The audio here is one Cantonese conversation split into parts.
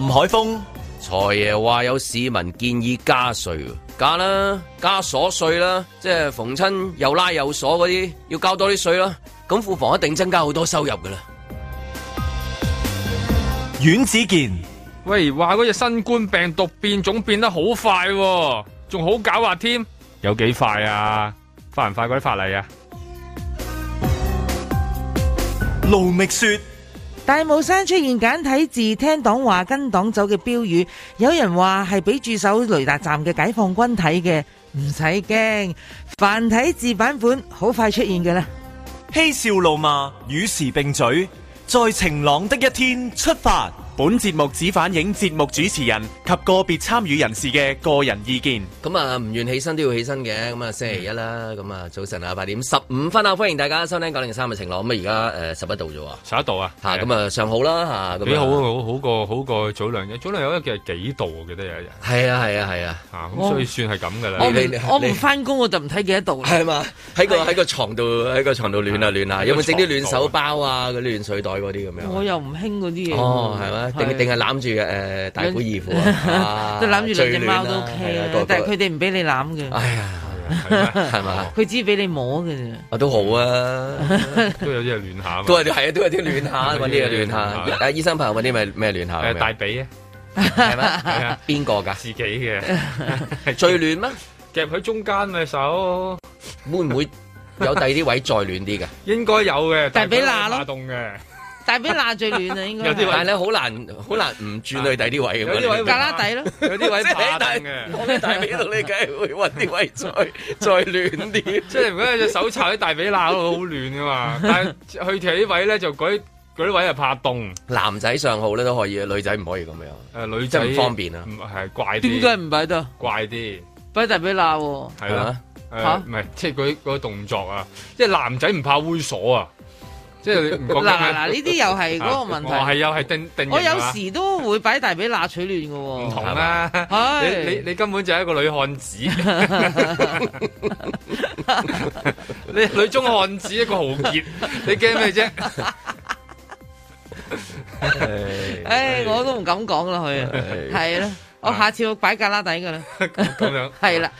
林海峰，財爺話有市民建議加稅，加啦，加鎖稅啦，即係逢親又拉又鎖嗰啲，要交多啲稅啦，咁庫房一定增加好多收入噶啦。阮子健，喂，話嗰隻新冠病毒變種變得好快，啊，仲好狡猾添，啊，有幾快啊？快唔快啲法例啊？盧覓雪。大帽山出現簡體字，聽黨話，跟黨走嘅標語，有人話係俾駐守雷達站嘅解放軍睇嘅，唔使驚。繁體字版本好快出現嘅啦。嬉笑怒罵，與時並舉，在晴朗的一天出發。本節目只反映節目主持人及個別參與人士嘅個人意見。咁啊，唔願起身都要起身嘅。咁啊，星期一啦。咁啊，早晨啊，八點十五分啊，歡迎大家收聽九零三嘅晴朗。咁啊，而家誒十一度咗啊，十一度啊。吓，咁啊，上好啦。吓，咁樣好好好過好過早兩日。早兩日我記得係幾度啊？我記得有一日。係啊係啊係啊。吓，咁所以算係咁噶啦。我未，我唔翻工我就唔睇幾多度。係嘛，喺個喺個床度喺個床度暖啊，暖啊。有冇整啲暖手包啊？嗰啲暖水袋嗰啲咁樣。我又唔興嗰啲嘢。哦，係咩？定定係攬住誒大姑二姑啊！都攬住兩隻貓都 OK 啦，但係佢哋唔俾你攬嘅。哎呀，係嘛？佢只俾你摸嘅咋。我都好啊，都有啲暖下，都係啊，都有啲暖下，揾啲嘢暖下。阿醫生朋友揾啲咪咩暖下？誒大髀啊，係嘛？邊個㗎？自己嘅。最暖咩？夾喺中間嘅手。會唔會有第二啲位再暖啲嘅？應該有嘅。大髀乸咯。凍嘅。大髀罅最暖啊，應該。有啲位咧好難，好難唔轉去第啲位，有啲位旮旯底咯，有啲位怕冷嘅。大髀度，你梗係會揾啲位再再暖啲。即係如果你隻手插喺大髀罅好暖啊嘛。但係去其他啲位咧，就嗰啲位係怕凍。男仔上號咧都可以，啊，女仔唔可以咁樣。誒女仔方便啊，係怪啲。點解唔擺得？怪啲擺大髀罅喎。係啊嚇，唔係即係嗰啲嗰動作啊，即係男仔唔怕猥瑣啊。即係你，嗱嗱嗱，呢啲又係嗰個問題。我係又係定定義。我有時都會擺大髀乸取亂㗎喎。唔同啦，你你根本就係一個女漢子，你女中漢子一個豪傑，你驚咩啫？唉，我都唔敢講啦，佢係咯，我下次我擺格拉底㗎啦，咁樣，係啦。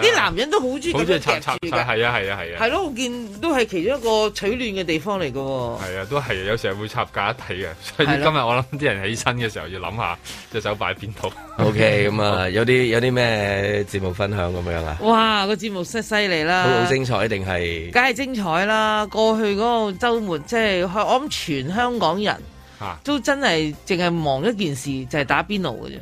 啲男人都很喜歡好中意插夾住㗎，係啊係啊係啊！係咯，我見都係其中一個取暖嘅地方嚟㗎。係啊，都係，有時候會插架一睇啊。所以今日的我諗啲人起身嘅時候要諗下隻手擺邊度。OK，咁 啊，有啲有啲咩節目分享咁樣啊？哇，個節目真係犀利啦！都好精彩定係？梗係精彩啦！過去嗰個週末，即係我諗全香港人都真係淨係忙一件事，就係、係、打邊爐嘅啫。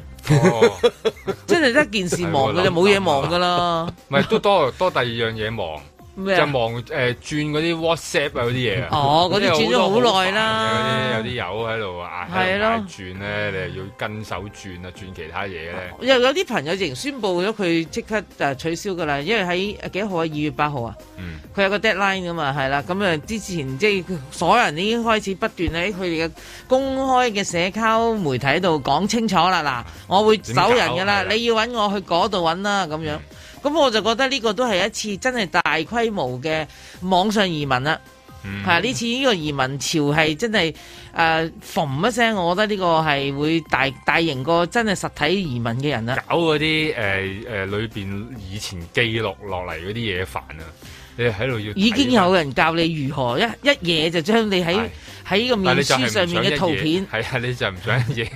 真係一件事忙嘅就冇嘢忙噶啦，唔係 都多多第二樣嘢忙。 就望誒、呃、轉嗰啲 WhatsApp 啊嗰啲嘢啊，哦，嗰啲轉咗好耐啦，嗰啲有啲友喺度啊，係咯，的轉咧，你又要跟手轉啊，轉其他嘢咧。有有啲朋友直情宣佈咗佢即刻誒取消噶啦，因為喺幾多號啊？二月八號啊，嗯，佢有個 deadline 噶嘛，係啦，咁啊之前即係所有人已經開始不斷喺佢哋嘅公開嘅社交媒體度講清楚啦。嗱，我會走人噶啦，你要搵我去嗰度搵啦，咁樣。嗯。咁我就覺得呢個都係一次真係大規模嘅網上移民啦，嗯、啊、呢次呢個移民潮係真係誒縫一聲，我覺得呢個係會大大型過真係實體移民嘅人啊，搞嗰啲誒誒裏面以前記錄落嚟嗰啲嘢煩啊！已經有人教你如何一一夜就將你喺喺個面書上面嘅圖片，係啊，你就唔想一夜？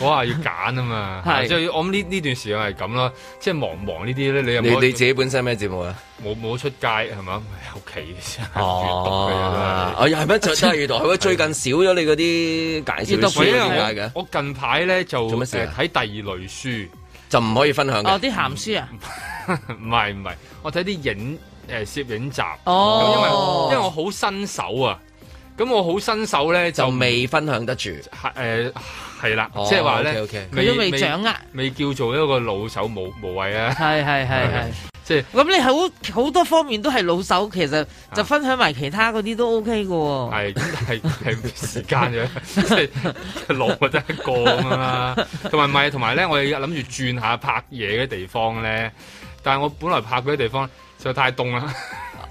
我話要揀啊嘛，即係我諗呢呢段時間係咁咯，即係忙唔忙呢啲咧？你你你自己本身咩節目啊？我冇出街係嘛，屋企閱讀我係乜做都閱讀，好啊！最近少咗你嗰啲解書點解嘅？我近排咧就睇第二類書，就唔可以分享。哦，啲鹹書啊！唔係唔係，我睇啲影、欸、攝影集，哦、oh.，因為因為我好新手啊，咁我好新手咧就，就未分享得住，係誒係啦，即係話咧 OK OK，佢都未掌握，未叫做一個老手冇無謂啊，係係係，即係咁你好好多方面都係老手，其實就分享埋其他嗰啲都 OK 噶，係係係時間嘅，老得一個咁樣啦，同埋咪同埋咧，我哋諗住轉下拍嘢嘅地方咧。但係我本來拍嗰啲地方，就太凍啦。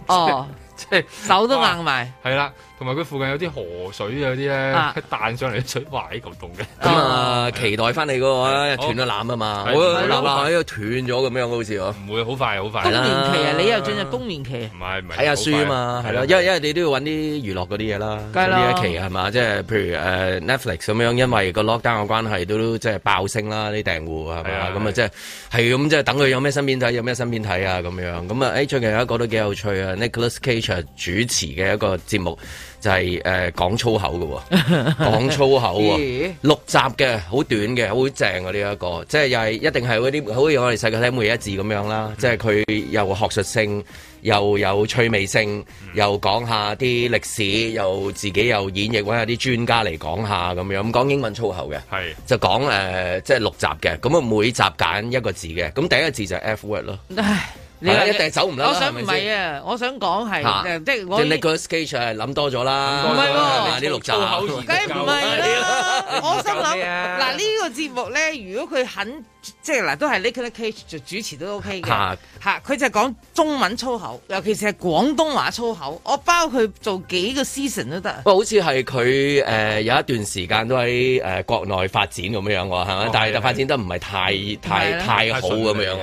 哦，即係手都硬埋。係啦。對同埋佢附近有啲河水，有啲咧，佢彈上嚟水埋喺個洞嘅。咁啊，期待翻嚟嘅喎，斷咗纜啊嘛！纜喺度斷咗咁樣好似，唔會好快，好快。冬眠期啊，你又進入冬眠期。唔係唔係，睇下書啊嘛，係咯，因為因為你都要揾啲娛樂嗰啲嘢啦。呢一期係嘛，即係譬如誒 Netflix 咁樣，因為個 lockdown 嘅關係，都即係爆升啦啲訂戶係咪？咁啊即係係咁即係等佢有咩新片睇，有咩新片睇啊咁樣。咁啊誒，最近有一個都幾有趣啊，Nicholas Cage 主持嘅一個節目。就係誒講粗口嘅喎，講粗口喎，的的 嗯、六集嘅、這個，好短嘅，好正啊！呢一個即係又係一定係嗰啲好似我哋細個睇每一字咁樣啦。即係佢又學術性，又有趣味性，嗯、又講下啲歷史，又自己又演繹，或者啲專家嚟講下咁樣。講英文粗口嘅，係是就講誒，即、呃、係、就是、六集嘅，咁啊每集揀一個字嘅，咁第一個字就係 F word 咯。你一定走唔甩啦，我想唔係啊，我想講係即係我。Nick，嗰個 Sketch 係諗多咗啦。唔係喎，呢六集粗口，梗係唔係啦。我心諗嗱，呢個節目咧，如果佢肯即係嗱，都係 Nick，嗰個 Sketch 做主持都 OK 嘅。嚇，佢就講中文粗口，尤其是係廣東話粗口，我包佢做幾個 season 都得。不過好似係佢誒有一段時間都喺誒國內發展咁樣喎，係嘛？但係發展得唔係太太太好咁樣喎。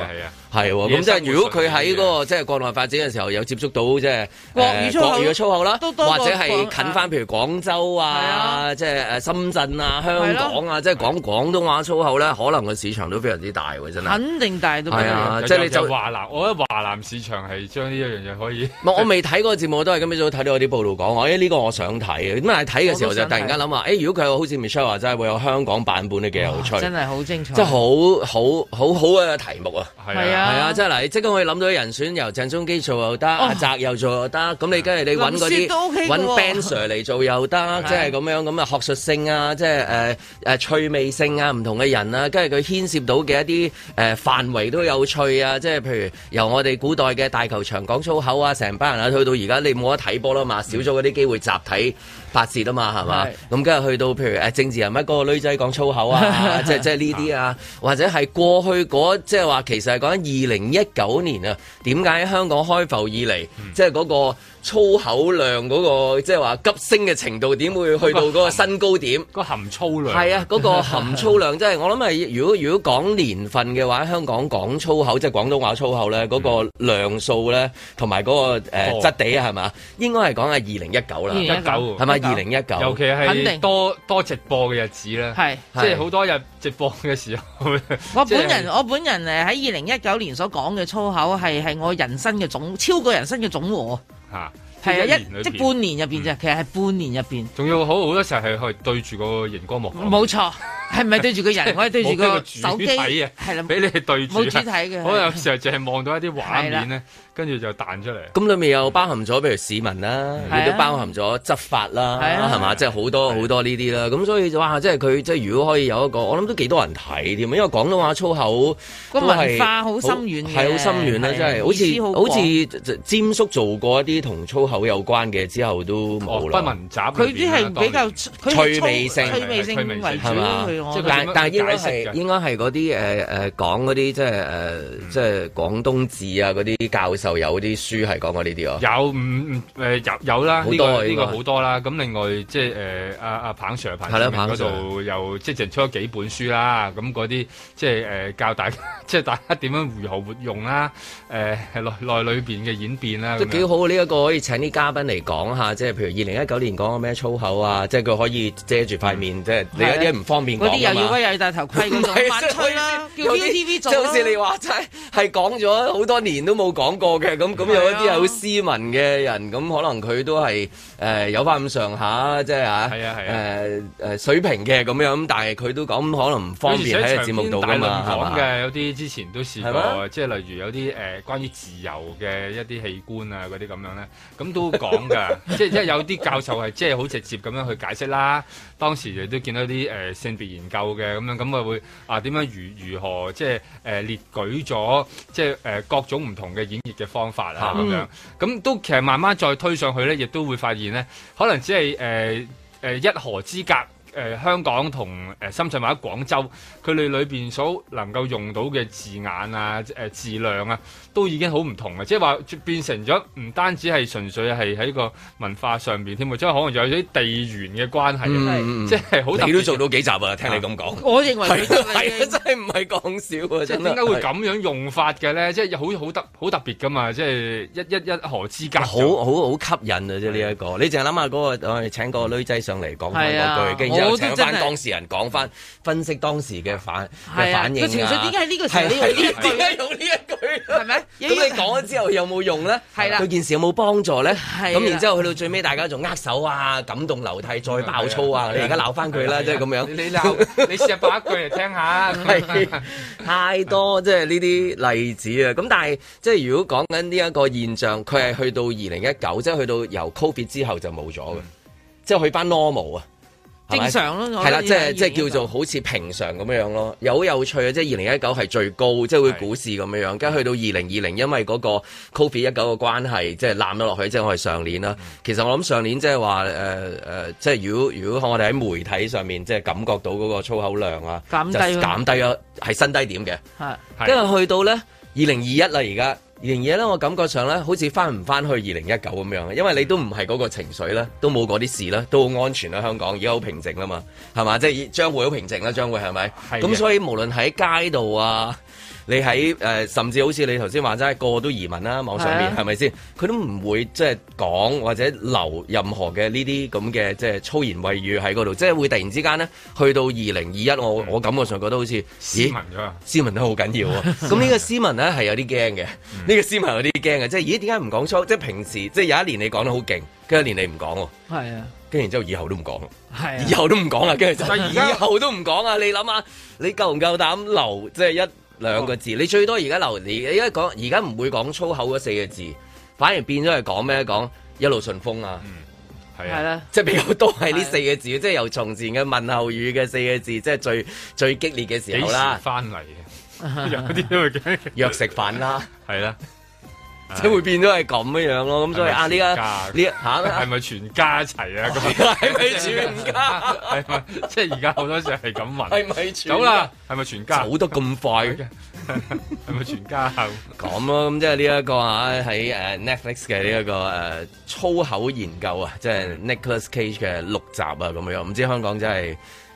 係喎，咁即係如果佢喺嗰個即係國內發展嘅時候，有接觸到即係國語嘅粗口啦，或者係近返譬如廣州啊，即係誒深圳啊、香港啊，即係講廣東話粗口咧，可能個市場都非常之大喎，真係。肯定大都係啊，即係你就華南，我覺得華南市場係將呢一樣嘢可以。我未睇嗰個節目，我都係今日早上睇到我啲報道講，咦，呢個我想睇。咁但係睇嘅時候就突然間諗話，咦，如果佢好似 Michelle 話，真係會有香港版本都幾有趣。真係好精彩。真係好好好好嘅題目啊！係啊。係 啊，真你即係即刻可以諗到人選，由鄭中基做又得，阿澤又做又得。咁你跟住你揾嗰啲揾 Ben Sir 嚟做又得， 即係，咁樣咁啊學術性啊，即係誒誒趣味性啊，唔同嘅人啊，跟住佢牽涉到嘅一啲誒範圍都有趣啊，即係譬如由我哋古代嘅大球場講粗口啊，成班人啊，去到而家你冇得睇波啦嘛，少咗嗰啲機會集體。發泄啊嘛，係嘛？咁跟住去到譬如誒、哎、政治人物嗰、那個女仔講粗口啊， 即係即係呢啲啊，或者係過去嗰即係話其實係講緊二零一九年啊，點解香港開埠以嚟、嗯、即係嗰、那個。粗口量嗰個即係話急升嘅程度點會去到嗰個新高點？個含，嗰個含粗量係啊！嗰個含粗量即係我諗係如果如果講年份嘅話，香港講粗口即係廣東話粗口咧，嗰個量數咧同埋嗰個誒質地係嘛？應該係講係二零一九啦，一九係咪二零一九？二零一九，尤其係多多直播嘅日子咧，係即係好多日直播嘅時候。我本人我本人誒喺二零一九年所講嘅粗口係係我人生嘅總超過人生嘅總和。嚇，係啊！即係一,一即係半年入邊啫，嗯、其實係半年入邊。仲要好好多時候係去對住個熒光幕。冇錯，係咪對住個人？ 個可以對住個手機啊，係啦的，俾你對住啦。冇主體嘅，我有時候淨係望到一啲畫面咧。跟住就彈出嚟。咁裏面又包含咗，譬如市民啦，亦都包含咗執法啦，係嘛？即係好多好多呢啲啦。咁所以就話即係佢即係如果可以有一個，我諗都幾多人睇添。因為廣東話粗口個文化好深遠，係好深遠啦，真係好似好似霑叔做過一啲同粗口有關嘅之後都冇啦。不文佢啲係比較趣味性，趣味性為主。但但係解釋應該係係嗰啲誒誒講嗰啲即係誒即係廣東字啊嗰啲教授。又有啲書係講過呢啲喎，有嗯誒有有啦，好多，呢個好多啦。咁另外即係誒阿阿彭 Sir 彭 Sir 嗰度又即係出咗幾本書啦。咁嗰啲即係誒、呃、教大即係大家點樣活學活用啦。誒、呃、內內裏邊嘅演變啦，都幾好。呢、這、一個可以請啲嘉賓嚟講下，即係譬如二零一九年講過咩粗口啊，即係佢可以遮住塊面，嗯、即係你有啲唔方便講。嗰啲又要威又要戴頭盔，唔好猛吹啦，就是、叫 VTV、做啦。就是、好似你話齋係講咗好多年都冇講過。嘅咁咁有一啲係好斯文嘅人，咁、啊、可能佢都係誒、呃、有翻咁上下，即係嚇，誒、啊、誒、啊啊啊、水平嘅咁樣。但係佢都講可能唔方便喺節目度嘅嘛。長篇大論講嘅，吧有啲之前都試過，嗎即係例如有啲誒、呃、關於自由嘅一啲器官啊嗰啲咁樣咧，咁都講㗎。 即係即係有啲教授係即係好直接咁樣去解釋啦。當時亦都見到啲誒、呃、性別研究嘅咁、啊、樣。咁咪會啊點樣如如何即係誒、呃、列舉咗即係誒、呃、各種唔同嘅演繹。嘅方法啦咁樣，咁都其實慢慢再推上去咧，亦都會發現咧，可能只係誒誒一河之隔，誒、呃，香港同誒深圳或者廣州，佢哋裏邊所能夠用到嘅字眼啊、誒、呃、字量啊。都已經好唔同嘅，即係話變成咗唔單止係純粹係喺個文化上面添，即係可能仲有啲地緣嘅關係，即係好特你都做到幾集啊？聽你咁講，我認為都真係唔係講笑啊！即係點解會咁樣用法嘅咧？即係好好特好特別噶嘛！即係一一一河之隔，好好好吸引啊！即係呢一個，你淨係諗下嗰個，請個女仔上嚟講翻嗰句，跟住之後請翻當事人講翻分析當時嘅反反應啊！情緒點解係呢個時候用呢一句？用呢一句係咪？咁你講咗之後有冇用咧？係啦，佢件事有冇幫助咧？咁然之後去到最尾，大家仲握手啊，感動流涕再爆粗啊！你而家鬧翻佢啦，即係咁樣。你鬧，你試下爆一句嚟聽下。係，太多即係呢啲例子啊！咁但係即係如果講緊呢一個現象，佢係去到二零一九，即係去到由 Covid 之後就冇咗嘅，即係去翻 Normal 啊。正常咯，係啦，即係即係叫做好似平常咁樣樣咯，又好有趣啊！即係二零一九係最高，即係會股市咁樣樣，跟住是去到二零二零，因為嗰個 Covid 一九嘅關係，即係冧咗落去，即係我係上年啦。嗯、其實我諗上年即係話誒誒，即係如果如果我哋喺媒體上面即係感覺到嗰個粗口量啊，減低減低咗，係新低點嘅。係是，跟住是去到咧二零二一啦，而家。而而咧，我感覺上咧，好似返唔返去二零一九咁樣，因為你都唔係嗰個情緒咧，都冇嗰啲事咧，都好安全啦、啊，香港而家好平靜啦嘛，係咪？即係將會好平靜啦、啊，將會係咪？咁是的 所以無論喺街度啊。你喺誒、呃，甚至好似你頭先話齋個個都移民啦、啊，網上面係咪先？佢、啊、都唔會即係講或者留任何嘅呢啲咁嘅即係粗言穢語喺嗰度，即係會突然之間咧，去到二零二一，的我我感覺上覺得好似的咦斯文咗啊！斯文都好緊要喎、啊。咁呢 個斯文咧係有啲驚嘅，呢、嗯、個斯文有啲驚嘅，即係咦？點解唔講粗？即係平時即係有一年你講得好勁，跟一年你唔講喎，係啊，跟的然之後以後都唔講、啊，係的以後都唔講啦，跟住就 以後都唔講啊！你諗下，你夠唔夠膽留？即係一。兩個字，你最多而家流，你而家講，而家唔會講粗口嗰四個字，反而變咗係講咩？講一路順風啊，係、嗯、啊，即係比較多係呢四個字，啊，四個字，即係由從前嘅問候語嘅四個字，即係最最激烈嘅時候啦。幾時翻嚟啊？有啲都會約食飯啦，係啦。即會變咗係咁嘅樣咯，咁所以係咪啊，呢家呢一，吓係咪全家一齊啊？係咪 全家？係咪 即係而家好多時係咁問？係咪全家？走啦！係咪全家？走得咁快嘅？係咪全家？咁咯， 咁即係呢一個吓喺誒 Netflix 嘅呢、這、一個誒、呃、粗口研究啊，即、就、係、是、Nicolas Cage 嘅六集啊咁樣，唔知香港真係～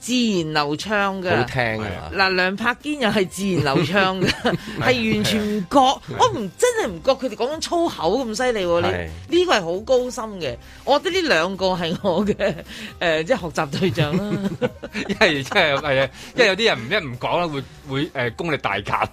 自然流暢嘅，好聽嘅。嗱，梁柏堅又係自然流暢嘅，係完全唔覺，我唔真係唔覺佢哋講粗口咁犀利喎。你呢個係好高深嘅，我覺得呢兩個係我嘅誒，即係學習對象啦。係，真係誒，因為有啲人唔一唔講啦，會會誒功力大減。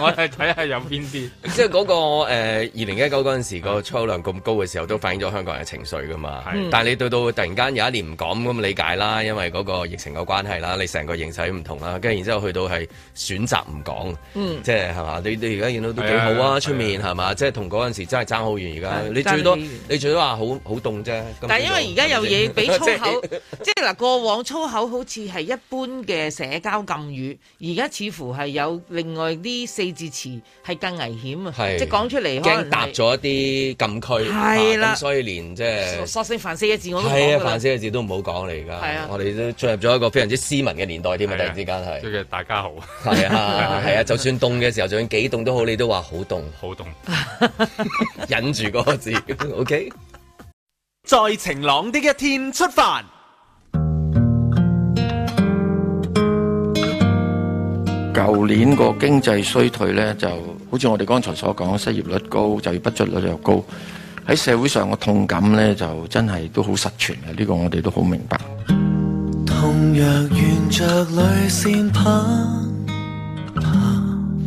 我睇下有邊啲，即係嗰個二零一九嗰陣時個粗量咁高嘅時候，都反映咗香港人嘅情緒噶嘛。但係你到到突然間有一年唔講咁，理解啦，因為嗰個疫情。關係啦，你成個形勢唔同啦，跟住然之後去到係選擇唔講，即係係嘛，你你而家見到都幾好啊，出面係嘛，即係同嗰陣時真係爭好遠。而家你最多你最多話好好凍啫。但係因為而家有嘢比粗口，即係嗱，過往粗口好似係一般嘅社交禁語，而家似乎係有另外啲四字詞係更危險啊，即係講出嚟驚踏咗一啲禁區，係啦，所以連即係索性凡四個字我都係啊，凡四個字都唔好講嚟㗎，我哋都進入咗一個。非常之斯文嘅年代添啊！突然之間係，大家好。係 啊，係啊，就算凍嘅時候，就算幾凍都好，你都話好凍，好凍冷， 忍住嗰個字。 OK，再晴朗啲嘅天出發。舊年個經濟衰退咧，就好似我哋剛才所講，失業率高，就業不足率又高，喺社會上個痛感咧，就真係都好實存嘅。呢、呢個我哋都好明白。原女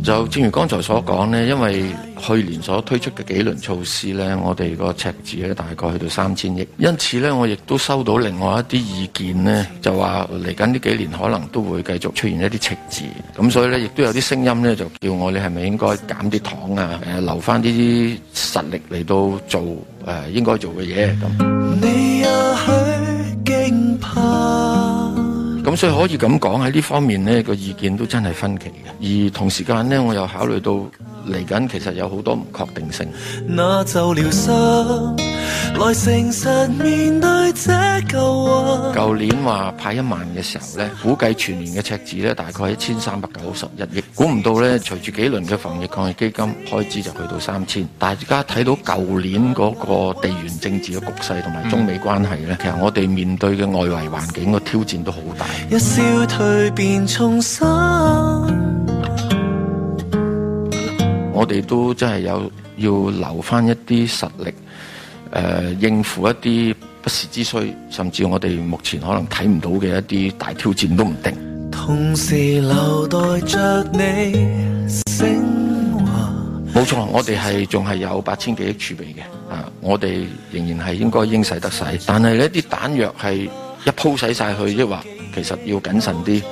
就正如剛才所講呢，因為去年所推出嘅幾輪措施呢，我哋個赤字呢大概去到三千億，因此呢，我亦都收到另外一啲意見呢，就話嚟緊呢幾年可能都會繼續出現一啲赤字，咁所以呢，亦都有啲聲音呢，就叫我你係咪應該減啲糖啊？誒，留翻啲啲實力嚟到做誒應該做嘅嘢咁。你啊所以可以咁講，喺呢方面呢個意見都真係分歧嘅，而同時間呢，我又考慮到。嚟緊其實有好多唔確定性。舊年話派一萬嘅時候呢，估計全年嘅赤字呢大概一千三百九十一億，估唔到呢，隨住幾輪嘅防疫抗疫基金開支就去到三千。大家睇到舊年嗰個地緣政治嘅局勢同埋中美關係呢，其實我哋面對嘅外圍環境嘅挑戰都好大。一退重我哋都真係有要留翻一啲實力，誒、呃、應付一啲不時之需，甚至我哋目前可能睇唔到嘅一啲大挑戰都唔定。同時留待著你昇華。冇錯，我哋係仲係有八千幾億儲備嘅，啊，我哋仍然係應該應使得使，但係呢啲彈藥係一鋪使晒去，即係話其實要謹慎啲。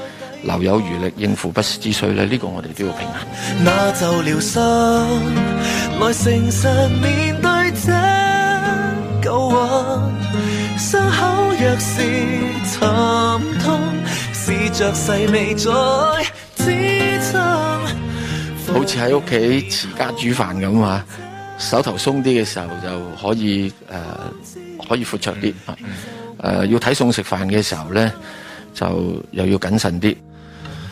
留有餘力應付不時之需咧，呢、這個我哋都要平衡。那就療傷，來誠實面對這舊患。傷口若是沉痛，試着細微再支撐。好似喺屋企持家煮飯咁啊，手頭鬆啲嘅時候就可以誒、呃、可以闊綽啲啊！要睇餸食飯嘅時候呢，就又要謹慎啲。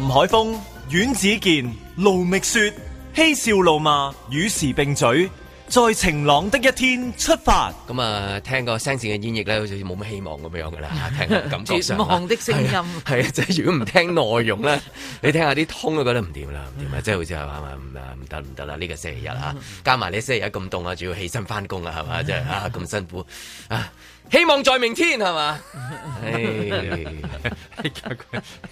吳海峰、阮子健、盧覓雪、嬉笑怒罵，與時並進，在晴朗的一天出發。咁啊，聽個聲線嘅演繹咧，好似冇乜希望咁樣嘅啦，聽個感覺上。絕望的聲音。係啊，即係如果唔聽內容咧，你聽下啲通都覺得唔掂啦，唔掂啊！即係好似話啊，唔啊唔得唔得啦！呢個星期日啊，加埋呢星期日咁凍啊，仲要起身翻工啊，係咪？即係啊咁辛苦啊！希望在明天係嘛？唉，加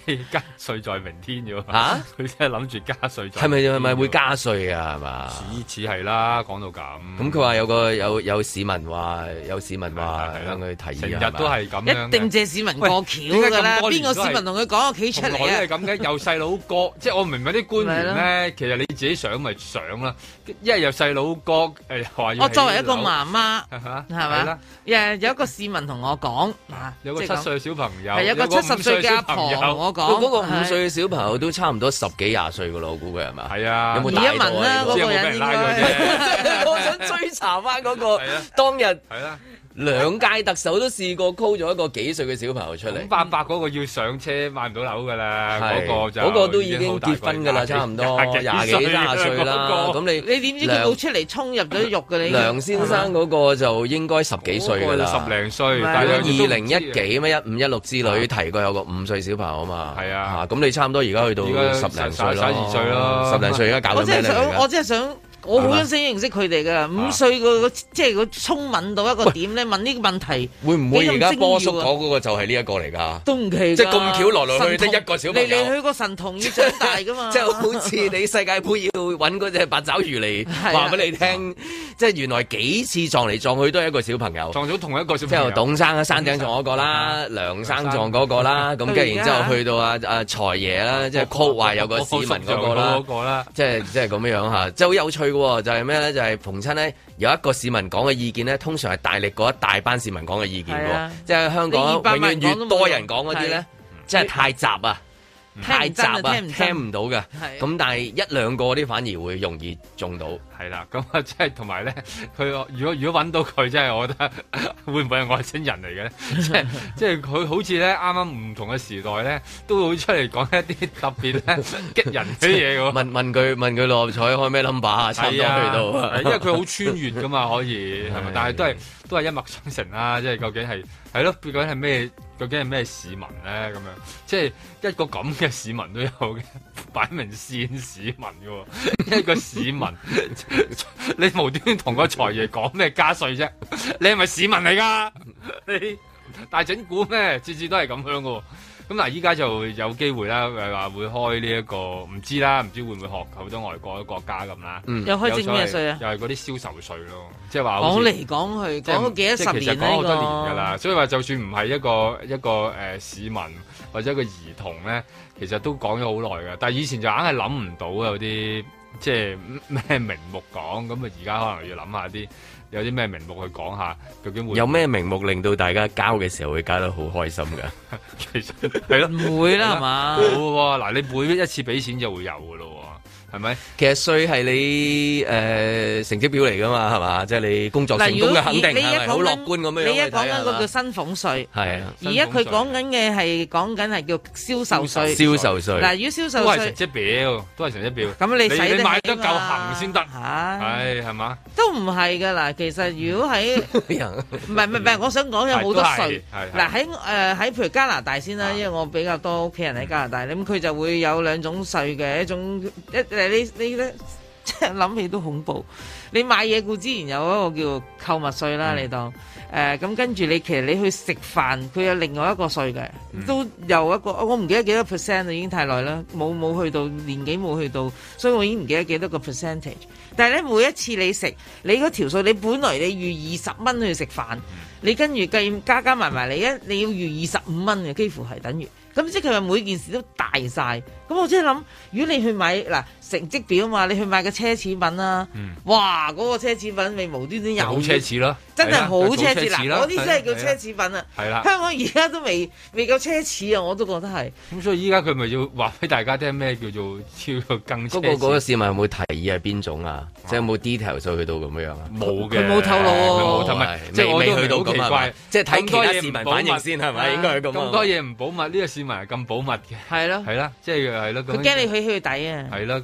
稅加稅在明天啫嘛？吓，佢真係諗住加稅。係咪係咪會加稅啊？係嘛？似似係啦，講到咁。咁佢話有個有有市民話，有市民話向佢提成日都係咁樣，一定借市民過橋噶啦。邊個市民同佢講個企出嚟啊？係咁嘅，由細佬哥，即係我唔明白啲官員咧。其實你自己想咪想啦，一係由細佬哥，誒話要。我作為一個媽媽，係嘛？係啦，誒有一個。市民同我講，啊、有個七歲小朋友，係有個七十歲嘅阿婆同我講，嗰個五歲嘅小、啊、小朋友都差唔多十幾廿歲㗎喇，我估佢係咪啊？係啊，有冇大我？而一問咧，嗰個人應該我想追查翻嗰個當日、啊。兩屆特首都試過 call 咗一個幾歲嘅小朋友出嚟，伯伯嗰個要上車買唔到樓㗎啦，嗰個就嗰個都已經結婚㗎啦，差唔多廿幾、廿歲啦。咁你你點知佢冇出嚟衝入咗肉㗎？你梁先生嗰個就應該十幾歲㗎啦，十零歲，大概二零一幾咩一五一六之類提過有個五歲小朋友啊嘛，係啊，咁你差唔多而家去到十零歲啦，十零歲而家搞我真係想我好想認識佢哋㗎，五歲個即係個聰敏到一個點咧，問呢個問題，會唔會而家波叔講嗰個就係呢一個嚟㗎？都唔奇，即係咁巧來來去得一個小朋友。你你去個神童要長大㗎嘛？即係好似你世界盃要揾嗰隻八爪魚嚟話俾你聽，即係原來幾次撞嚟撞去都係一個小朋友。撞咗同一個小朋友。董生喺山頂撞嗰個啦，梁生撞嗰個啦，咁跟住然之後去到阿阿財爺啦，即係酷話有個斯文嗰個啦，即係即係咁樣樣嚇，即係好有趣。就係咩呢？就係逢親呢，有一個市民講嘅意見呢，通常係大力過一大班市民講嘅意見喎，是啊、即係香港永遠越多人講嗰啲呢，即係太雜啊，太雜啊，聽唔到嘅。咁但係一兩個嗰啲反而會容易中到。係啦，咁啊，即係同埋咧，佢如果如果揾到佢，即係我覺得會唔會係外星人嚟嘅咧？即係即係佢好似咧，啱啱唔同嘅時代咧，都會出嚟講一啲特別咧 激人啲嘢嘅。問 問佢問佢六合彩開咩 number 啊？差唔多佢都，因為佢好穿越噶嘛，可以，係咪？ 但係都係都係一脈相承啦、啊。即係究竟係係咯，究竟係咩？究竟係咩市民咧？咁樣即係一個咁嘅市民都有嘅，擺明線市民㗎一個市民。 你無端同個財爺講咩加稅啫？ 你係咪市民嚟噶？ 你大整蠱咩？次次都係咁樣噶。咁嗱，依家就有機會啦，話會開呢、這、一個唔知啦，唔知會唔會學好多外國國家咁啦。又開徵咩稅啊？又係嗰啲銷售稅咯，即係話講嚟講去，講幾多十年講好多年㗎啦、這個、所以話，就算唔係一個一個誒、呃、市民或者一個兒童咧，其實都講咗好耐噶。但係以前就硬係諗唔到有啲。即係咩名目講，咁啊而家可能要諗下啲有啲咩名目去講下，究竟會有咩名目令到大家交嘅時候會交得好開心 其實，係咯，唔會啦，係嘛，唔會喎。嗱，你每一次俾錢就會有噶咯。係咪？其實稅係你誒成績表嚟噶嘛，係嘛？即係你工作成功嘅肯定，係咪？好樂觀咁樣樣嚟睇啊！你一講緊嗰個叫薪俸稅，係啊。而家佢講緊嘅係講緊係叫銷售稅，銷售稅。嗱，如果銷售稅都係成績表，都係成績表。咁你使得買得夠行先得啊？唉，係嘛？都唔係噶啦，其實如果喺唔係唔係唔係，我想講有好多稅。係係。嗱喺誒喺譬如加拿大先啦，因為我比較多屋企人喺加拿大，咁佢就會有兩種稅嘅一種一。你你咧，即係諗起都恐怖。你買嘢固之然有一個叫購物稅啦，你當咁、嗯呃、跟住你其實你去食飯，佢有另外一個稅嘅，都有一個我唔記得幾多 percent 已經太耐啦，冇冇去到年幾冇去到，所以我已經唔記得幾多個 percentage。但係咧，每一次你食你嗰條數，你本來你預二十蚊去食飯，你跟住計加加埋埋，你一你要預二十五蚊嘅，幾乎係等於咁，即係佢每件事都大晒。咁我即係諗，如果你去買嗱，成績表啊嘛，你去買個奢侈品啦，哇！嗰個奢侈品你無端端有好奢侈咯，真係好奢侈嗱，嗰啲真係叫奢侈品啊。係啦，香港而家都未未夠奢侈啊，我都覺得係。咁所以依家佢咪要話俾大家聽咩叫做叫做更奢侈？嗰個市民有冇提議係邊種啊？即係有冇 detail 到去到咁樣啊？冇嘅，佢冇透露喎，同埋未未去到咁啊！即係睇其他市民反應先係咪？應該係咁。咁多嘢唔保密，呢個市民係咁保密嘅。係咯，係啦，即係係咯。佢驚你去去底啊！係咯。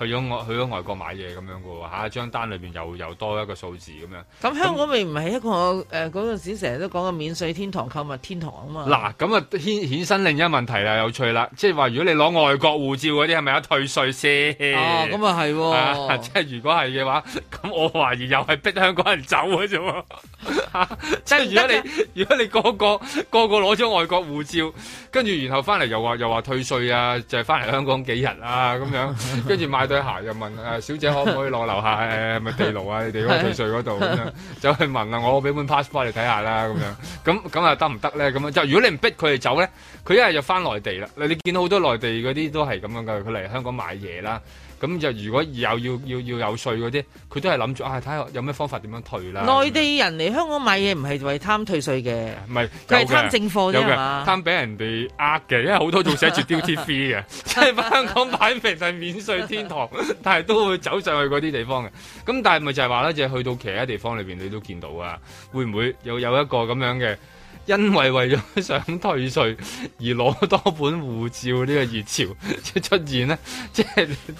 去咗外去咗外國買嘢咁樣噶喎嚇，張單裏邊又又多一個數字咁樣。咁香港咪唔係一個誒嗰陣時成日都講嘅免稅天堂、購物天堂啊嘛。嗱，咁啊衍衍生另一問題啦，有趣啦，即係話如果你攞外國護照嗰啲，係咪有退稅先？哦、啊，咁啊係，即係如果係嘅話，咁我懷疑又係逼香港人走嘅啫喎。即係如果你， 如果你如果你個個個個攞咗外國護照，跟住然後翻嚟又話又話退稅啊，就係翻嚟香港幾日啊咁樣，跟住買。對鞋就問誒小姐可唔可以落樓下，誒係咪地牢啊？你哋嗰個退稅嗰度咁樣走去問啊。我俾本 passport 你睇下啦咁樣，咁咁啊得唔得咧？咁樣就如果你唔逼佢哋走咧，佢一係就翻內地啦。你你見到好多內地嗰啲都係咁樣噶，佢嚟香港買嘢啦。咁就如果又要要要有稅嗰啲，佢都係諗住啊睇下有咩方法點樣退啦。內地人嚟香港買嘢唔係為貪退稅嘅，唔係佢貪正貨有嘛的吧，貪俾人哋呃嘅。因為好多仲寫住 duty free 嘅， 即係香港擺明就係免稅天堂， 但係都會走上去嗰啲地方嘅。咁但係咪就係話咧？就係去到其他地方裏面你都見到啊？會唔會有有一個咁樣嘅？因為為咗想退稅而攞多本護照呢個熱潮即 出現呢即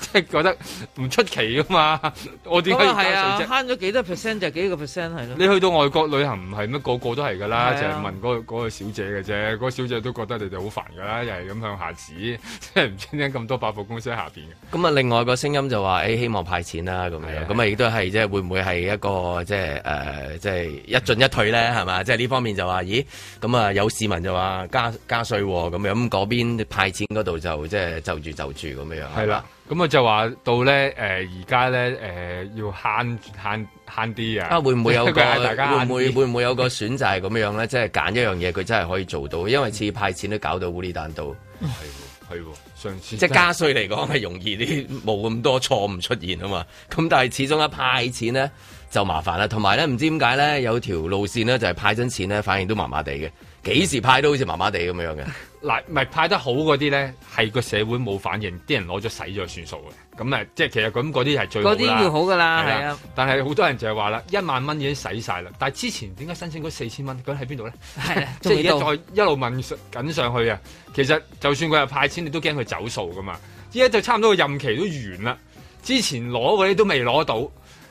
即覺得唔出奇噶嘛，我點解？咁啊係啊，慳咗幾多 percent 就是、幾個 percent 係咯。你去到外國旅行唔係咩個個都係噶啦，就係的問嗰、嗰個嗰個小姐嘅啫，嗰、嗰個、小姐都覺得你哋好煩噶啦，又係咁向下指，即係唔知點解咁多百貨公司喺下邊嘅。咁啊，另外一個聲音就話，誒、哎，希望派錢啦咁樣，咁啊亦都係即會唔會係一個即誒即一進一退咧？係嘛，即呢 方面就話，咦？咁啊、嗯嗯，有市民就話加加稅、哦，咁咁嗰邊派錢嗰度就即係、就是、就住就住咁樣樣。係啦，咁啊就話到咧，誒而家咧，誒、呃、要慳慳慳啲啊。會唔會有個大家會唔會會唔會有個選擇係咁樣樣咧？ 即係揀一樣嘢，佢真係可以做到，因為次派錢都搞到烏里單到。係喎係喎，上次即係加稅嚟講係容易啲，冇咁多錯誤出現、嗯、啊嘛。咁但係始終一派錢咧。就麻煩啦，同埋咧，唔知點解咧，有條路線咧就係、是、派真錢咧，反應都麻麻地嘅，幾時派都好似麻麻地咁樣嘅。嗱，咪派得好嗰啲咧，係個社會冇反應，啲人攞咗使咗算數嘅。咁啊，即係其實咁嗰啲係最好啦。嗰啲要好噶啦，係啊的。的但係好多人就係話啦，一萬蚊已經使晒啦。但係之前點解申請嗰四千蚊，佢喺邊度咧？係啊， 即係而家再一路問上緊上去啊。其實就算佢係派錢，你都驚佢走數噶嘛。而家就差唔多個任期都完啦，之前攞嗰啲都未攞到。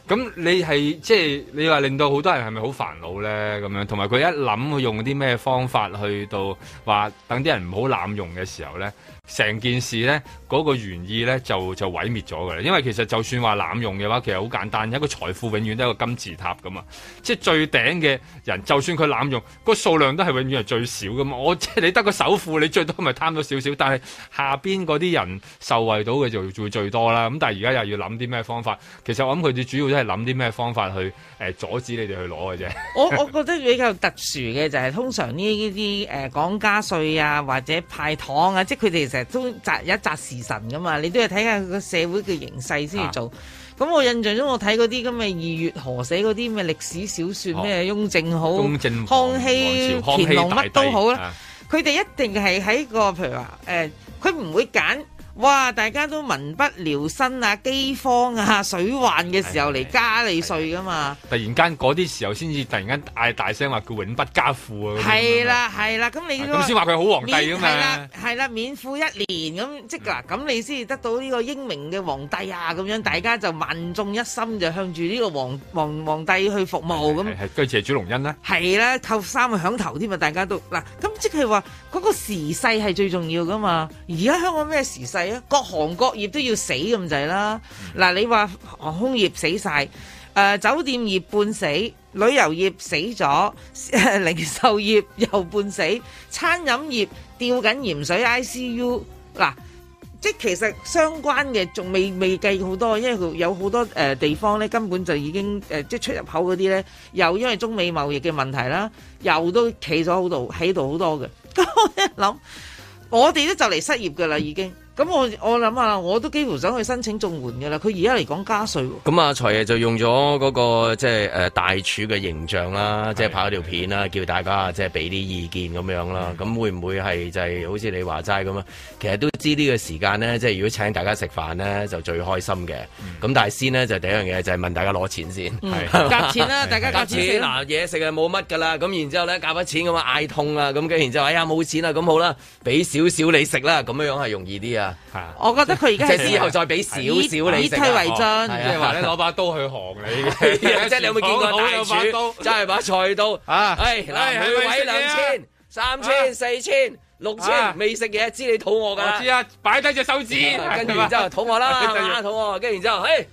咁你係即係你話令到好多人係咪好煩惱咧？咁樣同埋佢一諗，佢用啲咩方法去到話等啲人唔好濫用嘅時候咧？成件事咧，嗰、嗰個原意咧就就毀滅咗嘅。因為其實就算話濫用嘅話，其實好簡單。一個財富永遠都係一個金字塔咁啊，即最頂嘅人，就算佢濫用，個數量都係永遠係最少㗎嘛。我即你得個首富，你最多咪貪咗少少，但係下邊嗰啲人受惠到嘅就會最多啦。咁但係而家又要諗啲咩方法？其實我諗佢哋主要都係諗啲咩方法去、呃、阻止你哋去攞嘅啫。我我覺得比較特殊嘅就係、是、通常呢啲誒講加稅啊，或者派糖啊，即佢哋成都擇一擇時辰噶嘛，你都要睇下個社會嘅形勢先至做。咁、啊、我印象中，我睇嗰啲咁嘅二月河寫嗰啲咩歷史小說，咩、啊、雍正好、康熙、乾隆乜都好啦，佢哋、啊、一定係喺個譬如話誒，佢、呃、唔會揀。哇！大家都民不聊生啊、饑荒啊、水患嘅時候嚟加你稅㗎嘛？突然間嗰啲時候先至突然間嗌大聲話叫永不加賦啊！係啦係啦，咁你咁先話佢好皇帝啊嘛？係啦係啦，免賦一年咁即嗱，咁你先至得到呢個英明嘅皇帝啊！咁樣大家就萬眾一心就向住呢個皇皇皇帝去服務咁。佢謝主隆恩咧，係啦，扣三個響頭添啊！大家都嗱，咁即係話。嗰個時勢係最重要噶嘛？而家香港咩時勢啊？各行各業都要死咁係啦！嗱，你話航空業死晒，誒、呃、酒店業半死，旅遊業死咗、呃，零售業又半死，餐飲業吊緊鹽水 ICU 嗱、呃，即其實相關嘅仲未未計好多，因為有好多、呃、地方咧根本就已經、呃、即出入口嗰啲咧，又因為中美貿易嘅問題啦，又都企咗好度喺度好多嘅。 我一諗，我哋都就嚟失業噶啦，已經。咁我我諗下我都幾乎想去申請仲援嘅啦。佢而家嚟講加稅。咁啊、嗯，財爺就用咗嗰，那個即係，誒，大廚嘅形象啦，即係，嗯，拍條片啦，啊，叫大家即係俾啲意見咁樣啦。咁，嗯，會唔會係就係好似你話齋咁啊？其實都知呢個時間呢即係，就是，如果請大家食飯呢就最開心嘅。咁，嗯，但係先呢就第一樣嘢就係問大家攞錢先，夾，嗯，錢啦，啊，大家夾錢，啊。嗱，嗯，嘢，啊嗯啊、食係冇乜噶啦。咁然之後咧，夾筆錢咁嗌痛啊咁，然之後，啊，然後哎呀冇錢啦，啊，咁好啦，俾少少你食啦，啊，咁樣樣係容易啲啊。我覺得佢而家係之後再俾少少你食，以以退為進，即係話你攞把刀去行你，即係你有冇見過大主刀，真係把菜刀啊！唉，嗱，每位兩千、三千、四千、六千，未食嘢，知你肚餓噶啦，知啊！擺低隻手指，跟住然之後肚餓啦，肚餓，跟住然之後，唉。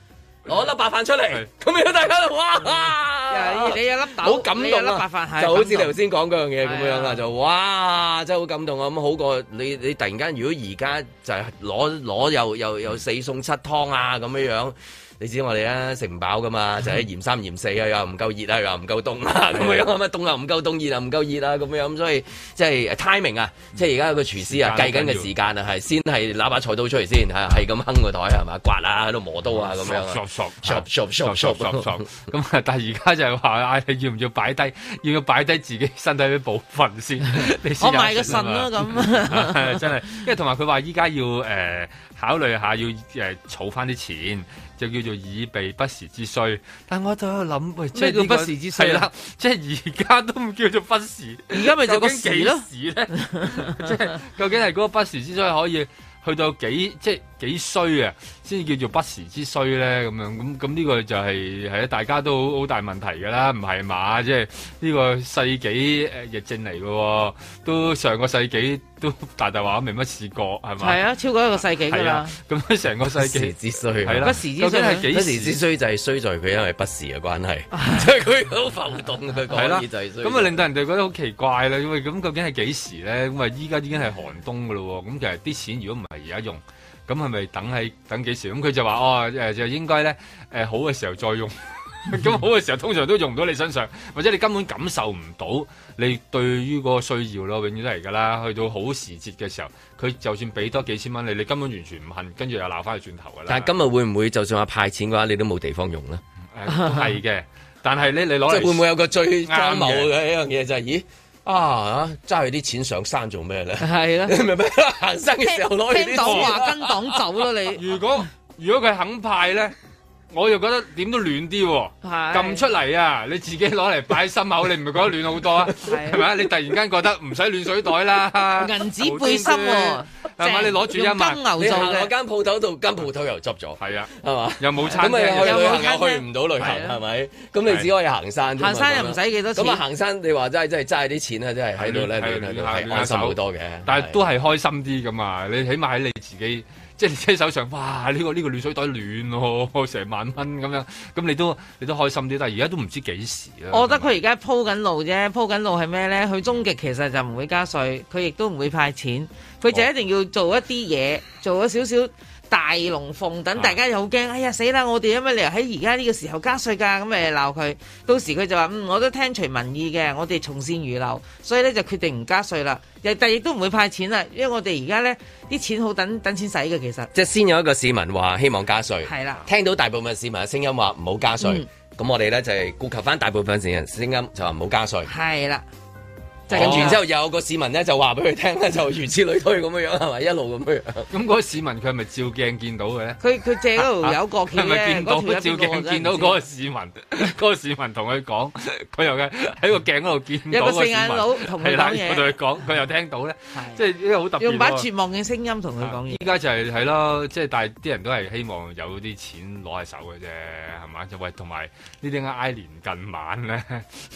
攞粒白飯出嚟，咁樣是的 大家都哇！你有粒蛋好感動啊，就好似你頭先講嗰樣嘢咁樣啦，就哇，真係好感動啊！咁好過你你突然間如果而家就攞攞又又又四餸七湯啊咁樣樣。你知我哋啊食唔飽噶嘛，就係嫌三嫌四啊，又唔夠熱啊，又唔夠凍啊，咁樣啊嘛凍又唔夠凍，熱又唔夠熱啊，咁樣咁所以即係 timing 啊，即係而家有個廚師啊計緊嘅時間啊，係先係攞把菜刀出嚟先，係咁鏗個台係嘛，刮啊喺度磨刀啊咁樣，咁但係而家就係話嗌你要唔要擺低，要唔要擺低自己身體啲部分先？我賣個腎啦咁，真係，因為同埋佢話依家要誒。考慮下要誒、呃、儲翻啲錢，就叫做以備不時之需。但我就喺度諗，喂，即係叫不時之需啦。即係而家都唔叫做不時，而家咪就講幾時時咧？即係 究竟係嗰個不時之需可以去到幾即係幾衰啊？先叫做不時之需咧？咁樣咁咁呢個就係、係、啊，大家都好大問題㗎啦，唔係嘛？即係呢個世紀誒、呃、疫症嚟㗎喎，都上個世紀。都大大話未乜試過係咪？係啊，超過一個世紀噶啦。咁成、啊、個世紀之衰，係啦。不時之衰、啊啊，究竟係幾時、時之衰？就係衰在佢因為不時嘅關係，即係佢好浮動嘅。係啦，咁啊 咁令到人哋覺得好奇怪啦。因為咁究竟係幾時咧？咁啊依家已經係寒冬噶咯。咁其實啲錢如果唔係而家用，咁係咪等喺等幾時？咁佢就話哦，誒就應該咧，誒、呃、好嘅時候再用。咁 好嘅時候，通常都用唔到你身上，或者你根本感受唔到你對於個需要咯，永遠都係噶啦。去到好時節嘅時候，佢就算俾多幾千蚊你，你根本完全唔恨，跟住又鬧翻去轉頭噶啦。但係今日會唔會，就算話派錢嘅話，你都冇地方用咧？係嘅、嗯，但係咧，你攞嚟係會唔會有個最壓謀嘅呢樣嘢就係，咦對的 啊，揸佢啲錢上山做咩咧？係啦、啊，明唔明？行山嘅時候攞住啲糖，黨跟黨走啦、啊、 你如。如果如果佢肯派咧？我又覺得點都暖啲喎，撳出嚟啊！你自己攞嚟擺心口，你唔係覺得暖好多啊？係咪啊？你突然間覺得唔使暖水袋啦，銀紙背心喎。阿媽你攞住一萬，牛行落間鋪頭度，間鋪頭又執咗。係啊，係嘛？又冇產，咁咪去又去唔到旅行，係咪？咁你只可以行山，行山又唔使幾多錢，咁啊行山，你話真係真係齋啲錢啊！真係喺度咧暖，開心好多嘅。但係都係開心啲噶嘛，你起碼喺你自己。即係你車手上，哇！呢個呢個暖水袋暖喎，成萬蚊咁樣，咁你都你都開心啲。但係而家都唔知幾時啊。我覺得佢而家鋪緊路啫，鋪緊路係咩咧？佢終極其實就唔會加稅，佢亦都唔會派錢，佢就一定要做一啲嘢我，做咗少少。大龍鳳等大家又好驚，哎呀死啦！我哋因咩理由喺而家呢個時候加稅㗎？咁誒鬧佢，到時佢就話：嗯，我都聽隨民意嘅，我哋從善如流，所以咧就決定唔加稅啦。但亦都唔會派錢啦，因為我哋而家呢啲錢好等等錢使嘅，其實。即先有一個市民話希望加稅，的聽到大部分市民嘅聲音話唔好加稅，咁、嗯、我哋呢，就係顧及翻大部分市民聲音就話唔好加稅。係啦。跟住之後有個市民咧就話俾佢聽咧，就如此類推，咁樣樣係咪一路咁樣？咁嗰個市民佢係咪照鏡見到嘅咧？佢佢借嗰度有個鏡，係咪見到？照鏡見到嗰個市民，嗰個市民同佢講，佢又喺個鏡嗰度見到個市民，係啦，我同佢講，佢又聽到咧，即係呢個好特別。用把絕望嘅聲音同佢講嘢。依家就係係咯，即係但係啲人都係希望有啲錢攞下手嘅啫，係嘛？就喂，同埋呢啲挨年近晚咧，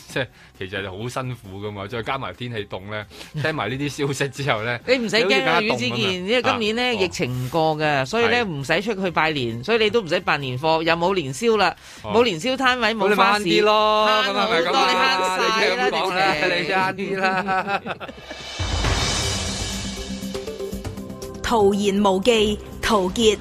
即係其實好辛苦噶嘛，再加。埋天氣凍咧，聽埋呢啲消息之後咧，你唔使驚雨之見，因為今年咧疫情唔過嘅，所以咧唔使出去拜年，所以你都唔使辦年貨，又冇年宵啦，冇年宵攤位，冇花市咯。咁啊，咪咁，慳啲啦，你慳啲啦。徒言無忌，陶傑。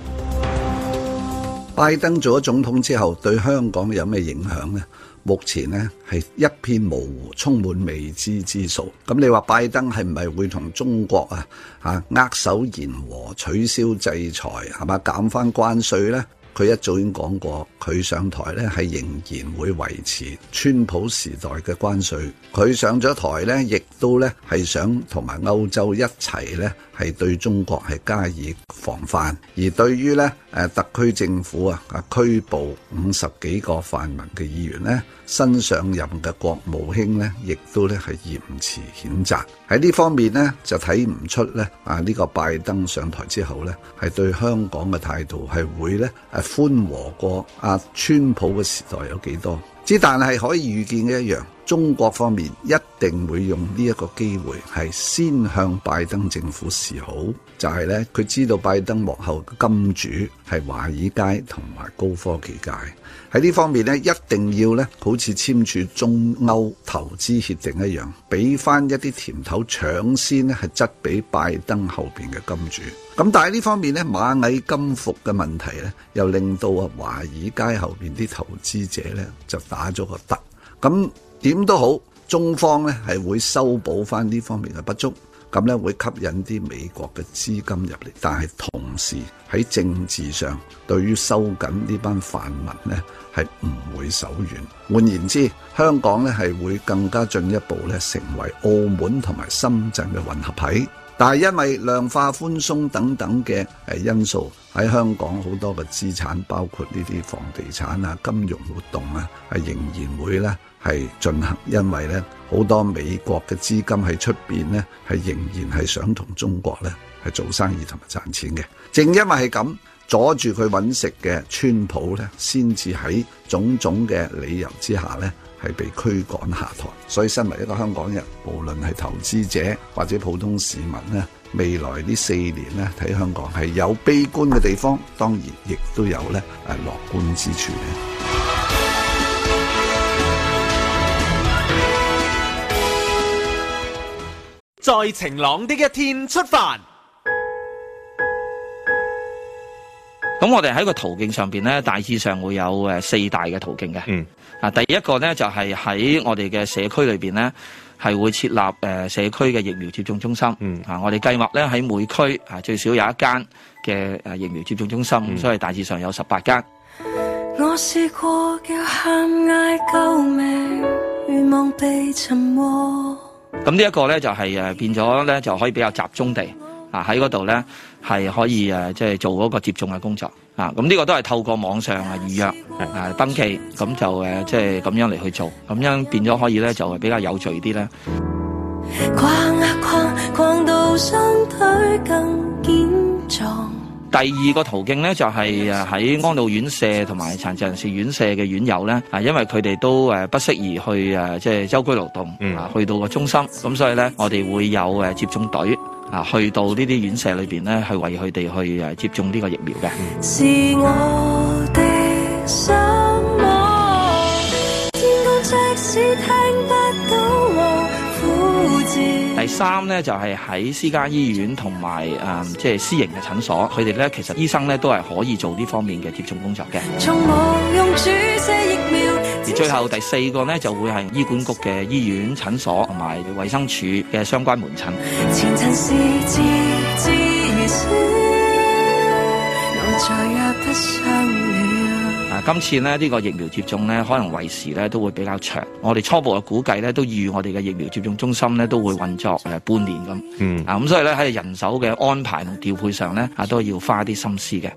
拜登做咗總統之後，對香港有咩影響呢？目前呢，係一片模糊，充滿未知之數。咁你話拜登係唔係會同中國啊嚇握手言和、取消制裁係咪、減翻關稅呢？佢一早已經講過，佢上台呢係仍然會維持川普時代嘅關稅。佢上咗台呢，亦都呢係想同埋歐洲一齊呢。係對中國係加以防範，而對於咧誒特區政府啊拘捕五十幾個泛民嘅議員咧，新上任嘅國務卿咧，亦都咧係嚴詞譴責。喺呢方面咧，就睇唔出咧啊呢個拜登上台之後咧，係對香港嘅態度係會咧誒寬和過啊川普嘅時代有幾多？之但係可以預見嘅一樣，中國方面一定會用呢一個機會，係先向拜登政府示好，就係呢，佢知道拜登幕後嘅金主係華爾街同埋高科技界。喺呢方面咧，一定要咧，好似簽署中歐投資協定一樣，俾翻一啲甜頭，搶先咧係質俾拜登後邊嘅金主。咁但係呢方面咧，螞蟻金服嘅問題咧，又令到啊華爾街後邊啲投資者咧就打咗個突。咁點都好，中方咧係會修補翻呢方面嘅不足。咁咧會吸引啲美國嘅資金入嚟，但係同時喺政治上對於收緊呢班泛民呢係唔會手軟。換言之，香港咧係會更加進一步咧成為澳門同埋深圳嘅混合體，但係因為量化寬鬆等等嘅誒因素。喺香港好多嘅資產，包括呢啲房地產啊、金融活動啊，係仍然會咧係進行，因為咧好多美國嘅資金喺出面咧係仍然係想同中國咧係做生意同埋賺錢嘅。正因為係咁阻住佢揾食嘅川普咧，先至喺種種嘅理由之下咧係被驅趕下台。所以身為一個香港人，無論係投資者或者普通市民咧。未來呢四年咧，睇香港係有悲觀嘅地方，當然亦都有咧誒樂觀之處咧。在晴朗的一天出發。咁我哋喺個途徑上邊咧，大致上會有誒四大嘅途徑嘅。嗯，啊，第一個呢，就係喺我哋嘅社區裏邊咧。係會設立誒社區嘅疫苗接種中心，啊、嗯，我哋計劃咧喺每區啊最少有一間嘅誒疫苗接種中心，嗯、所以大致上有十八間。我試過叫喊嗌救命，願望被沉默。咁呢一個咧就係誒變咗咧就可以比較集中地啊喺嗰度咧。係可以即、就係、做嗰個接種嘅工作啊！咁呢個都係透過網上啊預約、誒的、啊、登記，咁就即係咁樣嚟去做，咁樣變咗可以咧就係、比較有序啲咧。逛、啊、逛，逛到雙腿更健壯、嗯、第二個途徑咧就係誒喺安老院舍同埋殘疾人士院舍嘅院友咧，啊，因為佢哋都不適宜去即係、就係、周居勞動，啊、嗯，去到個中心，咁所以咧我哋會有接種隊。啊，去到呢啲院舍裏邊咧，係為佢哋去啊接種呢個疫苗嘅。第三咧就係喺私家醫院同埋啊，即係私營嘅診所，佢哋咧其實醫生咧都係可以做呢方面嘅接種工作嘅。最後第四個呢就會係醫管局嘅醫院診所同埋衛生署嘅相關門診。前啊，今次呢呢個疫苗接種呢可能維持呢都會比較長，我哋初步嘅估計呢都預我哋嘅疫苗接種中心呢都會運作誒半年咁。啊咁所以呢喺人手嘅安排同調配上呢啊都要花啲心思嘅。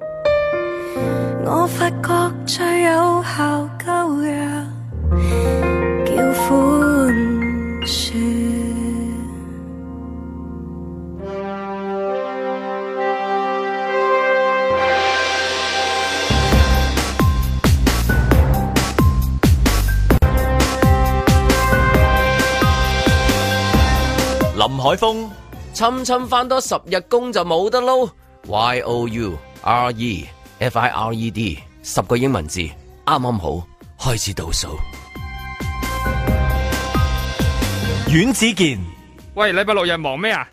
海峰，侵侵翻多十日工就冇得撈。Y O U R E F I R E D，十個英文字，啱啱好開始倒數。阮子健，喂，禮拜六日忙咩啊？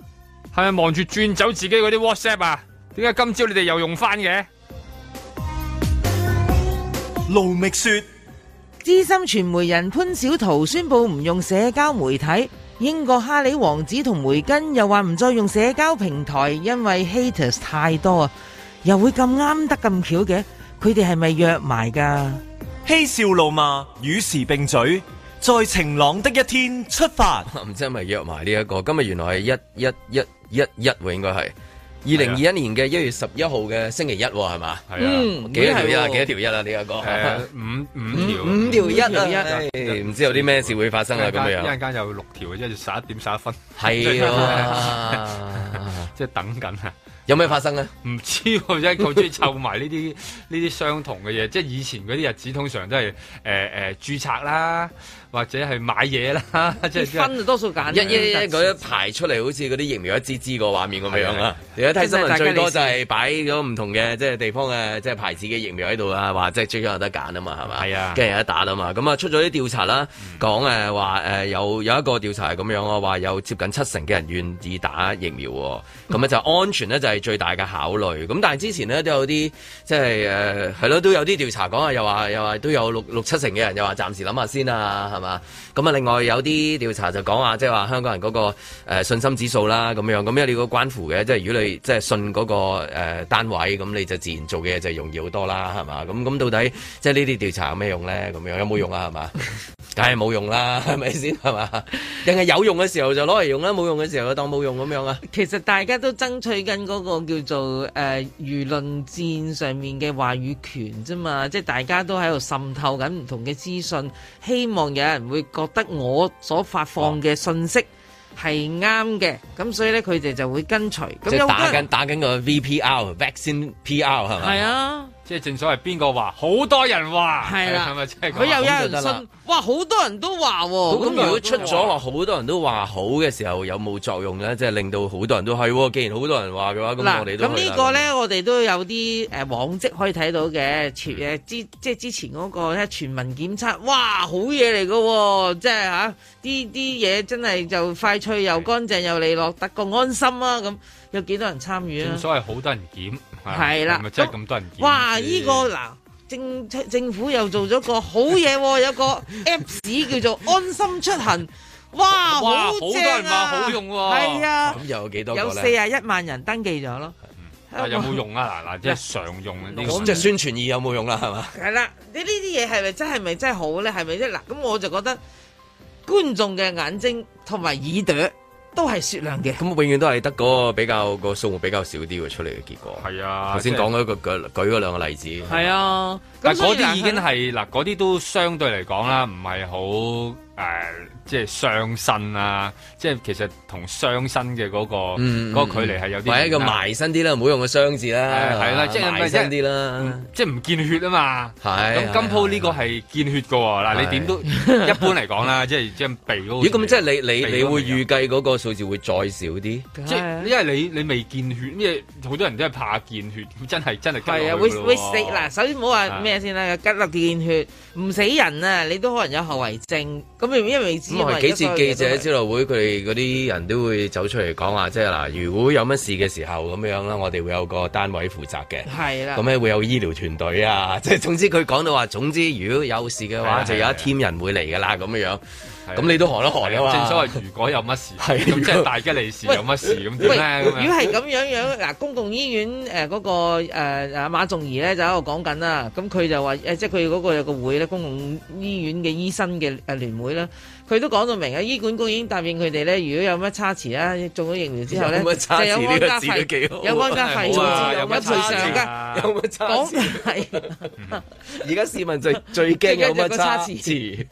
係咪忙住轉走自己嗰啲 WhatsApp 啊？點解今朝你哋又用翻嘅？盧覓雪，資深傳媒人潘小濤宣布唔用社交媒體。英國哈里王子同梅根又話唔再用社交平台，因為 haters 太多啊！又會咁啱得咁巧嘅，佢哋係咪約埋噶？嬉笑怒罵，與時並嘴，在晴朗的一天出發。唔知係咪約埋呢一個，今日原來係一一一一一喎，應該係。二零二一年嘅一月十一號嘅星期一係嘛？嗯，幾多條啊？幾多條一啊？呢一個係五五條五條一啊！唔知有啲咩事會發生啊？咁樣一陣間有六條，一住十一點十一分。係啊，即係等緊啊！有咩發生咧？唔知，即係我中意湊埋呢啲呢啲相同嘅嘢。即係以前嗰啲日子，通常都係誒誒注冊啦。或者係買嘢啦，分婚多數揀一一一嗰一排出嚟，好似嗰啲疫苗一支支個畫面咁樣啊！而家睇新聞最多就係擺咗唔同嘅即係地方嘅即係牌子嘅疫苗喺度啊，話即係最咗有得揀啊嘛，係嘛？係啊，跟住有得打啊嘛。咁啊出咗啲調查啦，講誒話誒有有一個調查係咁樣啊，話有接近七成嘅人願意打疫苗，咁啊 就安全咧就係最大嘅考慮。咁但係之前呢，都有啲即係誒係咯，都有啲調查講啊，又話又話都有六六七成嘅人又話暫時諗下先啊。係嘛？咁啊，另外有啲調查就講話，即係話香港人嗰個誒信心指數啦，咁樣咁因為你個關乎嘅，即係如果你即係信嗰個誒單位，咁你就自然做嘅嘢就容易好多啦，係嘛？咁咁到底即係呢啲調查有咩用咧？咁樣有冇用啊？係嘛？梗係冇用啦，係咪先？係嘛？定係有用嘅時候就攞嚟用啦，冇用嘅時候就當冇用咁樣啊？其實大家都爭取緊嗰個叫做誒輿論戰上面嘅話語權啫嘛，即係大家都喺度滲透緊唔同嘅資訊，希望有。有人會覺得我所發放嘅信息係啱嘅，咁所以咧佢哋就會跟隨。即係打緊打緊個 VPR，Vaccine PR 係咪？係啊？即係正所謂邊個話，好多人話係啊，佢又有人信，哇！好多人都話，咁如果出咗落，好多人都話好嘅時候，有冇作用咧？即、就、係、是、令到好多人都係。既然好多人話嘅話，咁我哋都咁呢個咧，我哋都有啲誒、呃、往迹可以睇到嘅全誒，之、嗯、即係之前嗰、那個全民檢測，哇，好嘢嚟喎。即係吓啲啲嘢真係就快脆又乾淨又利落，得個安心啊！咁有幾多,多人參與啊？正所謂好多人檢。係啦、啊，哇！依、這個嗱，政政府又做咗個好嘢， 有個 Apps 叫做安心出行，哇，哇好多人話！好用，係啊，咁又有幾多？有四十一萬人登記咗咯。啊、有冇用啊？嗱嗱、啊，即係、就是、常用嘅都，即係、啊、宣傳意有冇用是是真是是啦？係嘛？係啦，你呢啲嘢係咪真係咪真好咧？係咪啫？嗱，咁我就覺得觀眾嘅眼睛同埋耳朵。都係雪亮嘅，咁永遠都係得嗰個比較，嗰個數目比較少啲嘅出嚟嘅結果。係啊，頭先講咗個舉舉咗兩個例子。係啊，吧但嗰啲已經係嗱，嗰啲都相對嚟講啦，唔係好。誒，即係傷身啊！即係其實同傷身嘅嗰個嗰個距離係有啲，或者個埋身啲啦，唔好用個傷字啦，係啦，即係埋身啲啦，即係唔見血啊嘛！係咁今鋪呢個係見血噶嗱，你點都一般嚟講啦，即係將鼻嗰咁即係你你你會預計嗰個數字會再少啲？即係因為你你未見血，因為好多人都係怕見血，真係真係係啊！會會死嗱！首先唔好話咩先啦，吉啦見血。唔死人啊！你都可能有後遺症。咁因為幾次記者招待會，佢哋嗰啲人都會走出嚟講話，即係嗱，如果有乜事嘅時候咁樣啦，我哋會有個單位負責嘅。係啦。咁咧會有醫療團隊啊，即係總之佢講到話，總之如果有事嘅話，的就有一 team 人會嚟噶啦，咁樣。 咁你都寒得寒啊嘛！正所謂如果有乜事，咁即係大吉利事，有乜事咁點咧？如果係咁樣樣，嗱，公共醫院誒，嗰個誒馬仲儀咧就喺度講緊啦。咁佢就話誒，即係佢嗰個有個會咧，公共醫院嘅醫生嘅誒聯會啦。佢都講到明啊，醫管局已經答應佢哋咧，如果有乜差池啊，做咗疫苗之後咧，就有安家費，有安家費，有乜賠償噶？有乜差池？講嘅係，而家市民就最驚有乜差池。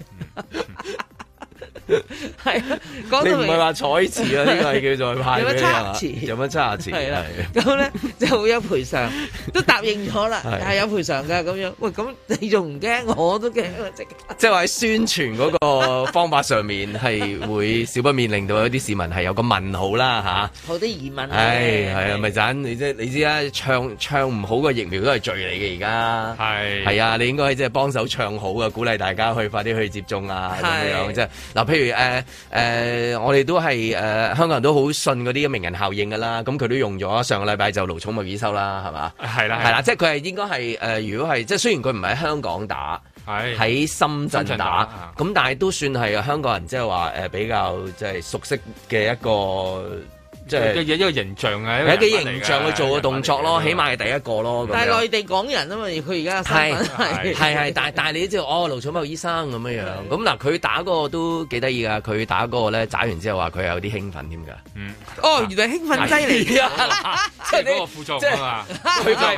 係講到唔係話彩詞啊，呢個係叫做派詞，有乜差詞？有乜差詞？係啦，咁咧就會有賠償，都答應咗啦，係有賠償噶咁樣。喂，咁你仲唔驚？我都驚即係話喺宣傳嗰個方法上面，係會少不免令到有啲市民係有個問號啦，吓，好多疑問。唉，係啊，咪盞你即你知啦，唱唱唔好嘅疫苗都係罪嚟嘅，而家係係啊，你應該即係幫手唱好啊，鼓勵大家去快啲去接種啊，咁樣即係嗱，譬如誒誒、呃呃，我哋都係誒、呃、香港人都好信嗰啲名人效應噶啦，咁佢都用咗上個禮拜就勞寵物已收啦，係嘛？係啦，係啦，即係佢係應該係誒、呃，如果係即係雖然佢唔係喺香港打，喺的深圳打，咁、嗯、但係都算係香港人即係話誒比較即係熟悉嘅一個。即一個形象啊，有啲形象去做個動作咯，起碼係第一個咯。但係內地港人啊嘛，佢而家係係係但係但係你都知哦，盧寵茂醫生咁樣樣。咁嗱，佢打嗰個都幾得意㗎。佢打嗰個咧，打完之後話佢有啲興奮添㗎。哦，原來興奮劑嚟㗎。即係嗰個副作用啊嘛。佢話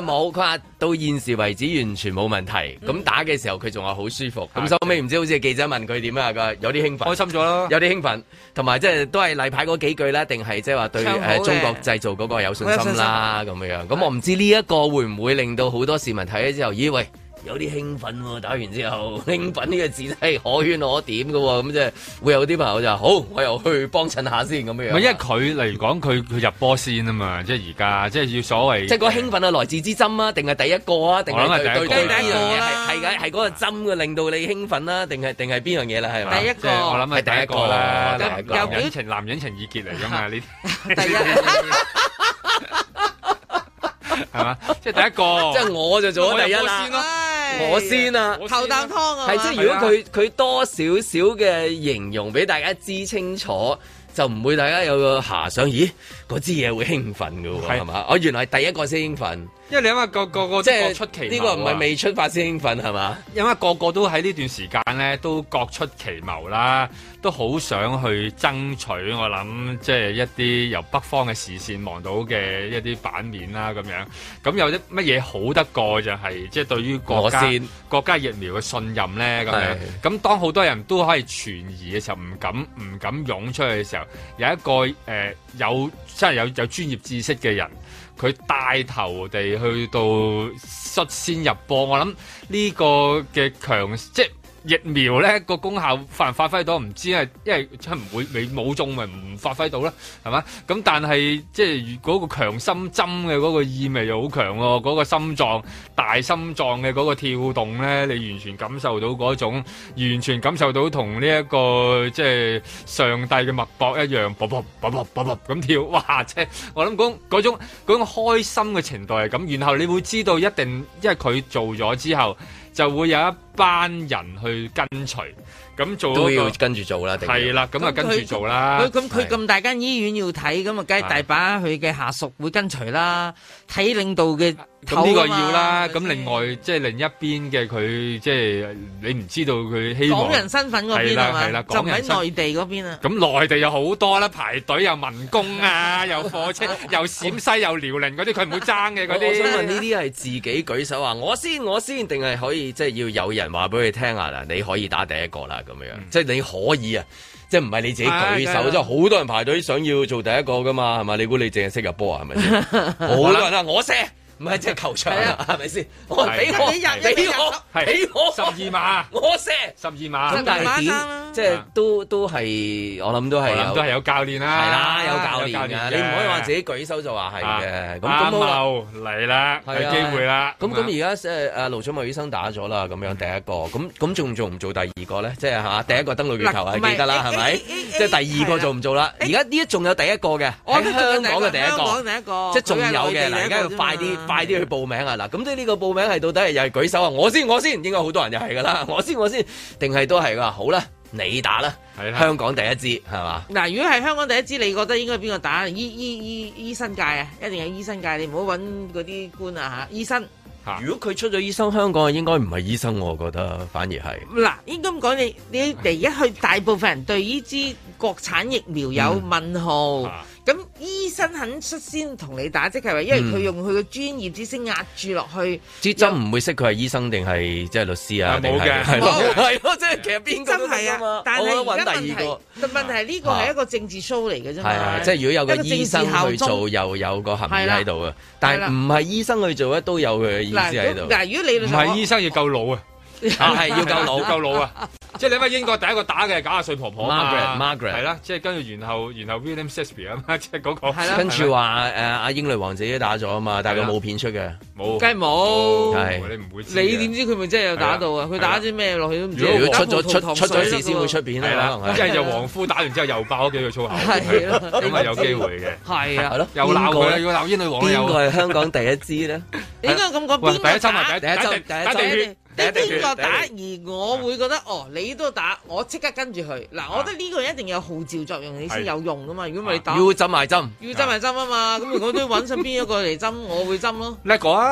冇，佢話到現時為止完全冇問題。咁打嘅時候佢仲話好舒服。咁收尾唔知好似記者問佢點啊？佢話有啲興奮。開心咗啦。有啲興奮，同埋即係都係禮。排嗰幾句咧，定係即係話對誒中國製造嗰個有信心啦咁樣樣。咁我唔知呢一個會唔會令到好多市民睇咗之後，咦喂？有啲興奮喎，打完之後興奮呢個字係可圈可點嘅喎，咁即係會有啲朋友就好，我又去幫襯下先咁樣。因為佢嚟講佢佢入波先啊嘛，即係而家即係要所謂即係嗰個興奮啊，來自支針啊，定係第一個啊？定係第一個第一樣嘢係係係嗰個針嘅令到你興奮啦，定係定係邊樣嘢啦？係嘛？第一個係第一個啦，男人情男人情意結嚟㗎嘛？呢第一係嘛？即係第一個，即係我就做咗第一啦。我先啊，頭啖湯啊，係即係如果佢佢，啊、多少少嘅形容俾大家知清楚，就唔會大家有個遐想。咦，嗰支嘢會興奮噶喎，係嘛、啊？我原來係第一個先興奮，因為因為你諗下個個個即係出奇，呢個唔係未出發先興奮係嘛？因為個個都喺呢段時間咧都各出奇謀啦。都好想去爭取，我諗即係一啲由北方嘅視線望到嘅一啲版面啦，咁樣咁有啲乜嘢好得過就係即係對於國家先國家疫苗嘅信任呢？咁樣咁的當好多人都可以存疑嘅時候，唔敢唔敢湧出去嘅時候，有一個誒、呃、有真係有有專業知識嘅人，佢帶頭地去到率先入波，我諗呢個嘅強即疫苗咧個功效發唔發揮到，唔知係因為真係唔會未冇中咪唔發揮到啦，係嘛？咁但係即係嗰個強心針嘅嗰個意味又好強喎，嗰個心臟大心臟嘅嗰個跳動咧，你完全感受到嗰種，完全感受到同呢一個即係上帝嘅脈搏一樣，啵啵啵啵啵啵咁跳，哇！即係我諗講嗰種嗰種開心嘅程度係咁，然後你會知道一定，因為佢做咗之後。就會有一班人去跟隨，咁做都要跟住做啦。定係？係啦，咁啊跟住做啦。佢咁佢咁大間醫院要睇，咁啊，梗係大把佢嘅下屬會跟隨啦，睇領導嘅。咁呢個要啦，咁另外即係另一邊嘅佢，即係你唔知道佢希望，港人身份嗰邊啊嘛，就喺內地嗰邊啊。咁內地有好多啦，排隊又民工啊，又貨車，又陝西又遼寧嗰啲，佢唔會爭嘅嗰啲。我想問呢啲係自己舉手啊，我先我先，定係可以即係要有人話俾佢聽下啦，你可以打第一個啦，咁樣樣，即係你可以啊，即係唔係你自己舉手，即係好多人排隊想要做第一個噶嘛，係嘛？你估你淨係識入波啊？係咪先？好多人啊，我射。唔係即係球場啊，係咪先？我俾我，俾我，俾我，十二碼，我射十二碼。咁但係點？即係都都係，我諗都係。都係有教練啦。係啦，有教練。教你唔可以話自己舉手就話係嘅。咁咁茂嚟啦，有機會啦。咁咁而家誒誒盧寵茂醫生打咗啦，咁樣第一個。咁咁仲做唔做第二個咧？即係嚇，第一個登陸月球係記得啦，係咪？即係第二個做唔做啦？而家呢一仲有第一個嘅喺香港嘅第一個，即係仲有嘅。嗱，而家要快啲。快啲去報名啊！嗱，咁即呢個報名係到底係又係舉手啊？我先，我先，應該好多人又係噶啦，我先，我先，定係都係噶？好啦，你打啦，係的香港第一支，係嘛？嗱，如果係香港第一支，你覺得應該邊個打？醫醫醫醫生界啊，一定係醫生界，你唔好搵嗰啲官啊吓，醫生。的如果佢出咗醫生，香港應該唔係醫生，我覺得反而係。嗱，應該咁講，你你哋一去，大部分人對呢支國產疫苗有問號。咁醫生肯率先同你打，即係話，因為佢用佢嘅專業知識壓住落去。枝針唔會識佢係醫生定係即係律師啊？冇嘅，係咯，係咯，即係其實邊個都得啊！但係揾第二個。但問題呢個係一個政治 show 嚟嘅啫嘛。係啊，即係如果有個醫生去做，又有個含義喺度啊。但係唔係醫生去做咧，都有佢嘅意思喺度。嗱，如果你唔係醫生，要夠老啊。係要夠老，夠老啊！即係你諗下英國第一個打嘅，賈亞遜婆婆啊，Margaret，係 Margaret 啦，即係跟住然後然後 William Shakespeare 的啊，即係嗰個，跟住話誒阿英女王自己打咗啊嘛，但係佢冇片出嘅。梗係冇，你唔會，你點知佢咪真係有打到啊？佢打啲咩落去都唔知。如果出咗出出咗事先會出邊啦，即係就王夫打完之後又爆咗幾個粗口出嚟，咁咪有機會嘅。係啊，又鬧佢，又鬧英女皇。邊個係香港第一支咧？應該咁講，邊第一針啊？第一針，第一針，第一針，邊個打？而我會覺得，哦，你都打，我即刻跟住佢。嗱，我覺得呢個一定有號召作用，先有用噶嘛。如果唔係，打要針埋針，要針埋針啊嘛。咁如果都揾出邊一個嚟針，我會針咯。叻哥啊！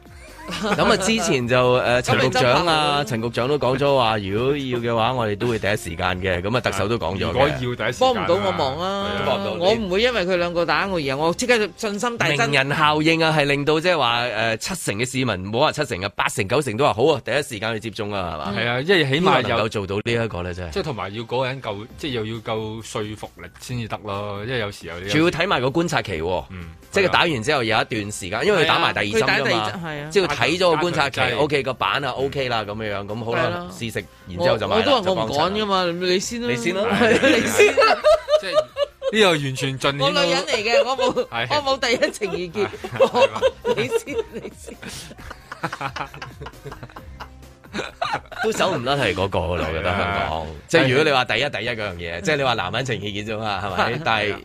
咁啊，之前就誒陳局長啊，陳局長都講咗話，如果要嘅話，我哋都會第一時間嘅。咁啊，特首都講咗如果要第一時間，幫唔到我忙啊！我唔會因為佢兩個打我而我即刻信心大增。名人效應啊，係令到即係話誒七成嘅市民唔好話七成啊，八成九成都話好啊，第一時間去接種啊，係嘛？係啊，即係起碼有做到呢一個咧，即係同埋要嗰個人夠，即係又要夠說服力先至得咯。因為有時有仲要睇埋個觀察期喎，即係打完之後有一段時間，因為佢打埋第二針睇咗個觀察期，OK 個板啊 OK 啦咁樣樣，咁好啦試食，然之後就買啦。我覺我唔講噶嘛，你先啦，你先啦，你先啦。即係呢個完全盡。我女人嚟嘅，我冇，我冇第一情意結。你先，你先，都走唔得係嗰個咯。我覺得香港，即係如果你話第一第一嗰樣嘢，即係你話男人情意結啫嘛，係咪？但係。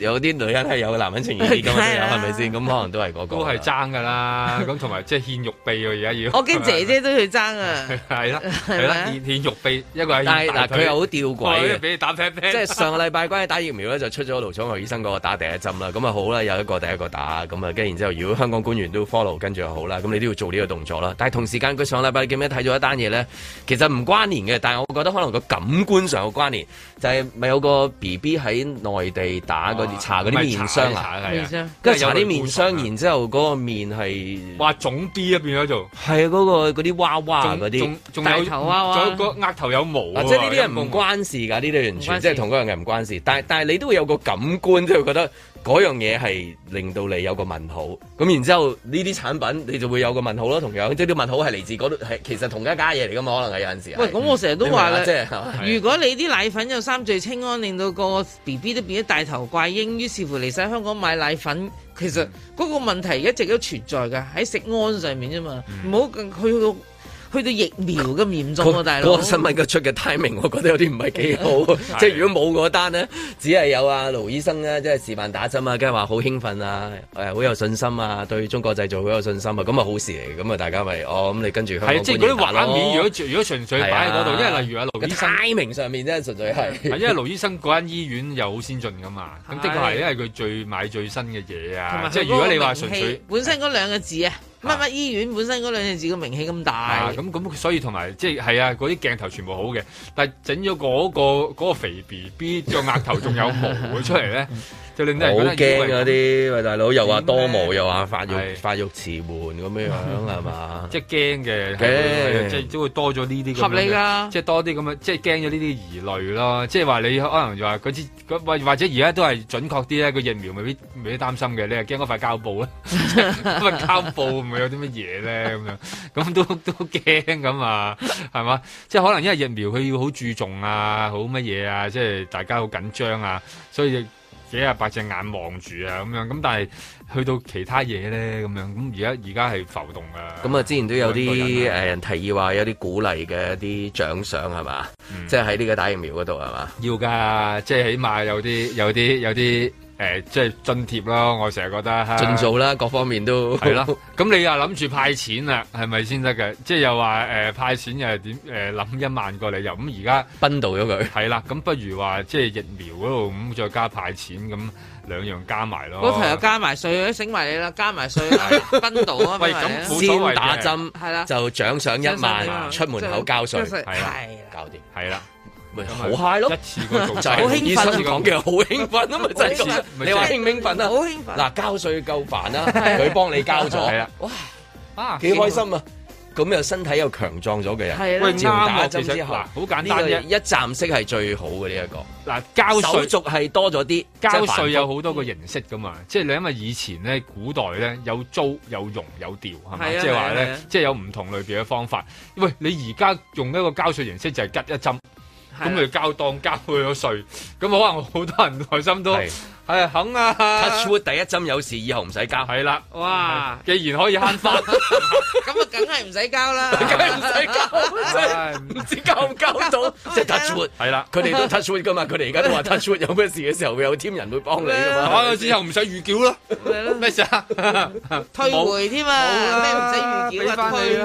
有啲女人係有嘅，男人情願自己都係咪先？咁、啊、可能都係嗰個。都係爭噶啦，咁同埋即係獻肉臂喎、啊，而家要。我跟姐姐都要爭啊。係啦，係啦，獻肉臂，一個係。但係嗱，佢又好吊詭。哦、哎，俾你打 p a 即係上個禮拜關於打疫苗咧，就出咗盧寵茂醫生嗰個打第一針啦。咁啊好啦，有一個第一個打，咁啊跟然之後，如果香港官員都 follow 跟住又好啦，咁你都要做呢個動作啦。但係同時間佢上個禮拜你見唔見睇咗一單嘢咧？其實唔關聯嘅，但係我覺得可能個感官上嘅關聯就係、是、咪有個 B B 喺內地打搽嗰啲面霜啊，跟住搽啲面霜，面霜的然之後嗰個面係哇，腫啲啊，變咗做係啊，嗰、嗰個嗰啲娃娃嗰啲，額頭娃娃，有個額頭有毛啊，即係呢啲人唔關事㗎，呢啲完全即係同嗰樣嘢唔關事，但係但係你都會有個感官，即係覺得。嗰樣嘢係令到你有個問號，咁然之後呢啲產品你就會有個問號咯，同樣即係啲問號係嚟自嗰度係其實同一家嘢嚟噶嘛，可能係有陣時。喂，咁係我成日都話啦，即係、就係、如果你啲奶粉有三聚氰胺，令到個 B B 都變咗大頭怪嬰，於是乎嚟晒香港買奶粉，其實嗰個問題一直都存在噶，喺食安上面啫嘛，唔好去到。去到疫苗咁嚴重啊，大佬！嗰個新聞嘅出嘅 timing，我覺得有啲唔係幾好。 的即係如果冇嗰單咧，只係有阿盧醫生咧，即係示範打針啊，跟住話好興奮啊，誒，好有信心啊，對中國製造好有信心啊，咁啊好事嚟嘅。咁啊，大家咪哦，咁你跟住係即係嗰啲畫面，如果哥如果純粹擺喺嗰度，的因為例如阿盧醫生 timing 上面真係，純粹係，因為盧醫生嗰間醫院又好先進噶嘛，咁的，的確係，因為佢最買最新嘅嘢啊，即係如果你話純粹本身嗰兩個字啊。乜乜醫院本身嗰兩隻字個名氣咁大，咁咁、啊、所以同埋即係係啊，嗰啲鏡頭全部好嘅，但係整咗嗰個肥 BB 個額頭仲有毛出嚟咧。 好驚嗰啲喂大佬，又話多毛，又話發育發育遲緩咁樣樣係嘛？即係驚嘅，即係都會多咗呢啲咁嘅。合理啦，即係多啲咁樣，即係驚咗呢啲疑慮咯。即係話你可能又話嗰支嗰，或或者而家都係準確啲咧，個疫苗未必未必擔心嘅，你係驚嗰塊膠布咧？咁啊膠布唔係有啲乜嘢咧咁樣？咁都都驚咁啊，係嘛？即係可能因為疫苗佢要好注重啊，好乜嘢啊？即係大家好緊張啊，所以。幾廿八隻眼望住啊咁樣，咁但係去到其他嘢咧咁樣，咁而家而家係浮動噶。咁啊，之前都有啲誒人、呃、提議話有啲鼓勵嘅一啲獎賞係嘛，嗯、即係喺呢個打疫苗嗰度係嘛？要噶，即、就、係、是、起碼有啲有啲有啲。有誒，即係津貼咯，我成日覺得盡做啦，各方面都係啦，啊。咁你又諗住派錢啦，係咪先得嘅？即係又話，呃、派錢又係點？誒、呃、諗一萬個嚟又，咁而家濫到咗佢係啦。咁、啊、不如話即係疫苗嗰度咁再加派錢，咁兩樣加埋咯。我朋友加埋稅，醒埋你啦，加埋稅啦，到導 啊，喂，咁。先打針係啦，啊、就獎賞一萬，一萬出門口交稅係啦，搞掂係啦。咪好嗨咯！一次過做曬，好興奮。講嘅好興奮啊！嘛，就係你話興唔興奮啊？好興奮！嗱，交稅夠煩啦，佢幫你交咗，哇啊，幾開心啊！咁又身體又強壯咗嘅人，係啦。打針之後，好簡單一站式係最好嘅呢一個。嗱，交稅係多咗啲，交稅有好多個形式㗎嘛。即係你因為以前咧，古代咧有租有庸有調係咪？即係話咧，即係有唔同類別嘅方法。喂，你而家用一個交稅形式就係吉一針。咁佢 交當交佢個稅，咁可能好多人內心都。係肯啊！Touchwood 第一針有事，以後唔使交。係啦，哇！既然可以慳翻，咁啊，梗係唔使交啦，梗係唔使交，唔知交唔交到？即係 Touchwood，係啦，佢哋都 Touchwood 噶嘛，佢哋而家都話 Touchwood 有咩事嘅時候會有 team 人會幫你噶嘛，之後唔使預繳咯，咩事啊？退回添啊！咩唔使預繳啊？退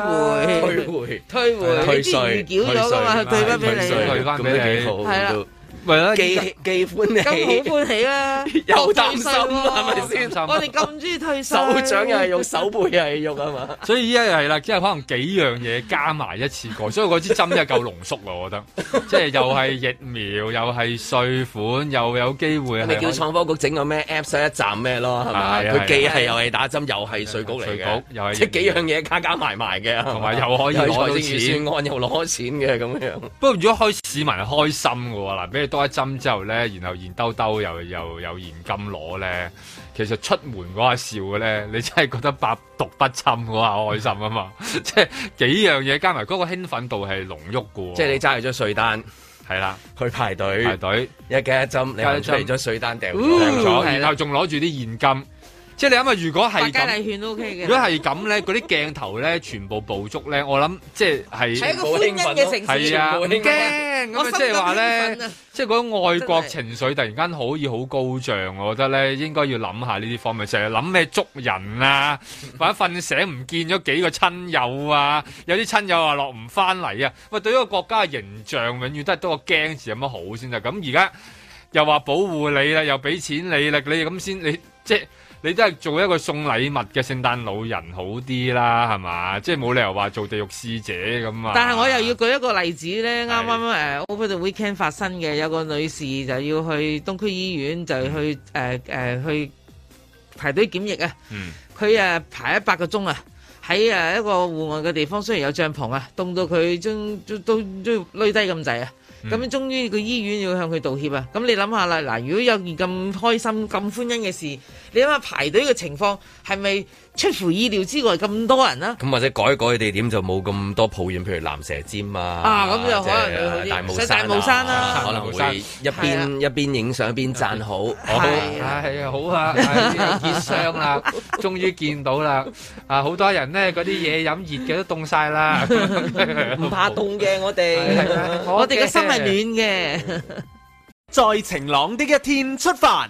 回，退回，退稅，退稅，退翻俾你，係啦。唔係咯，既既歡喜，咁好歡喜啦！又擔心，係咪先？我哋咁中意推手掌又係用手背又嚟用係嘛？所以依家又係啦，即係可能幾樣嘢加埋一次過，所以嗰支針真係夠濃縮啦。我覺得，即係又係疫苗，又係稅款，又有機會。你叫創科局整個咩 Apps 一站咩咯？係嘛？佢既係又係打針，又係稅局嚟嘅，又係即係幾樣嘢加加埋埋嘅，同埋又可以攞到預算案又攞錢嘅咁樣。不過如果開市民開心嘅喎嗱，比多一針之後咧，然後現兜兜又又有現金攞咧，其實出門嗰下笑咧，你真係覺得百毒不侵，哇開心啊嘛！ 即係幾樣嘢加埋嗰、嗰個興奮度係濃郁嘅。即係你揸住咗稅單，係啦，去排隊，排隊隊一加一針，你揸咗稅單掉咗，掉咗、嗯，然後仲攞住啲現金。即係你諗下，如果係咁，如果係咁咧，嗰啲鏡頭咧，全部捕捉咧，我諗即係喺一個歡欣係驚咁即係話咧，即係嗰個愛國情緒突然間可以好高漲，真是 我覺得咧，應該要諗下呢啲方面，成日諗咩捉人啊，或者瞓醒唔見咗幾個親友啊，有啲親友啊落唔翻嚟啊，喂，對一個國家嘅形象，永遠都係多個驚字有乜好先得？咁而家又話保護你啦，又俾錢你啦，你咁先，你即係。你都係做一個送禮物嘅聖誕老人好啲啦，係嘛？即係冇理由話做地獄使者咁啊！但係我又要舉一個例子咧，啱啱誒，Over the weekend 發生嘅有個女士就要去東區醫院，就去誒誒、嗯呃呃、去排隊檢疫、嗯、啊。佢誒排一百個鐘啊，喺誒一個戶外嘅地方，雖然有帳篷啊，凍到佢將都都都攰低咁滯啊！咁，終於個醫院要向佢道歉啊！咁你諗下啦，嗱，如果有件咁開心、咁歡欣嘅事，你諗下排隊嘅情況係咪？是出乎意料之外咁多人啦，咁或者改一改嘅地點就冇咁多抱怨，譬如蚺蛇尖啊，啊咁又可能大帽山啦，可能會一邊一邊影相一邊讚好，係啊，好啊，見雙啦，終於見到啦，啊，好多人咧，嗰啲嘢飲熱嘅都凍晒啦，唔怕凍嘅我哋，我哋嘅心係暖嘅，在晴朗的一天出發。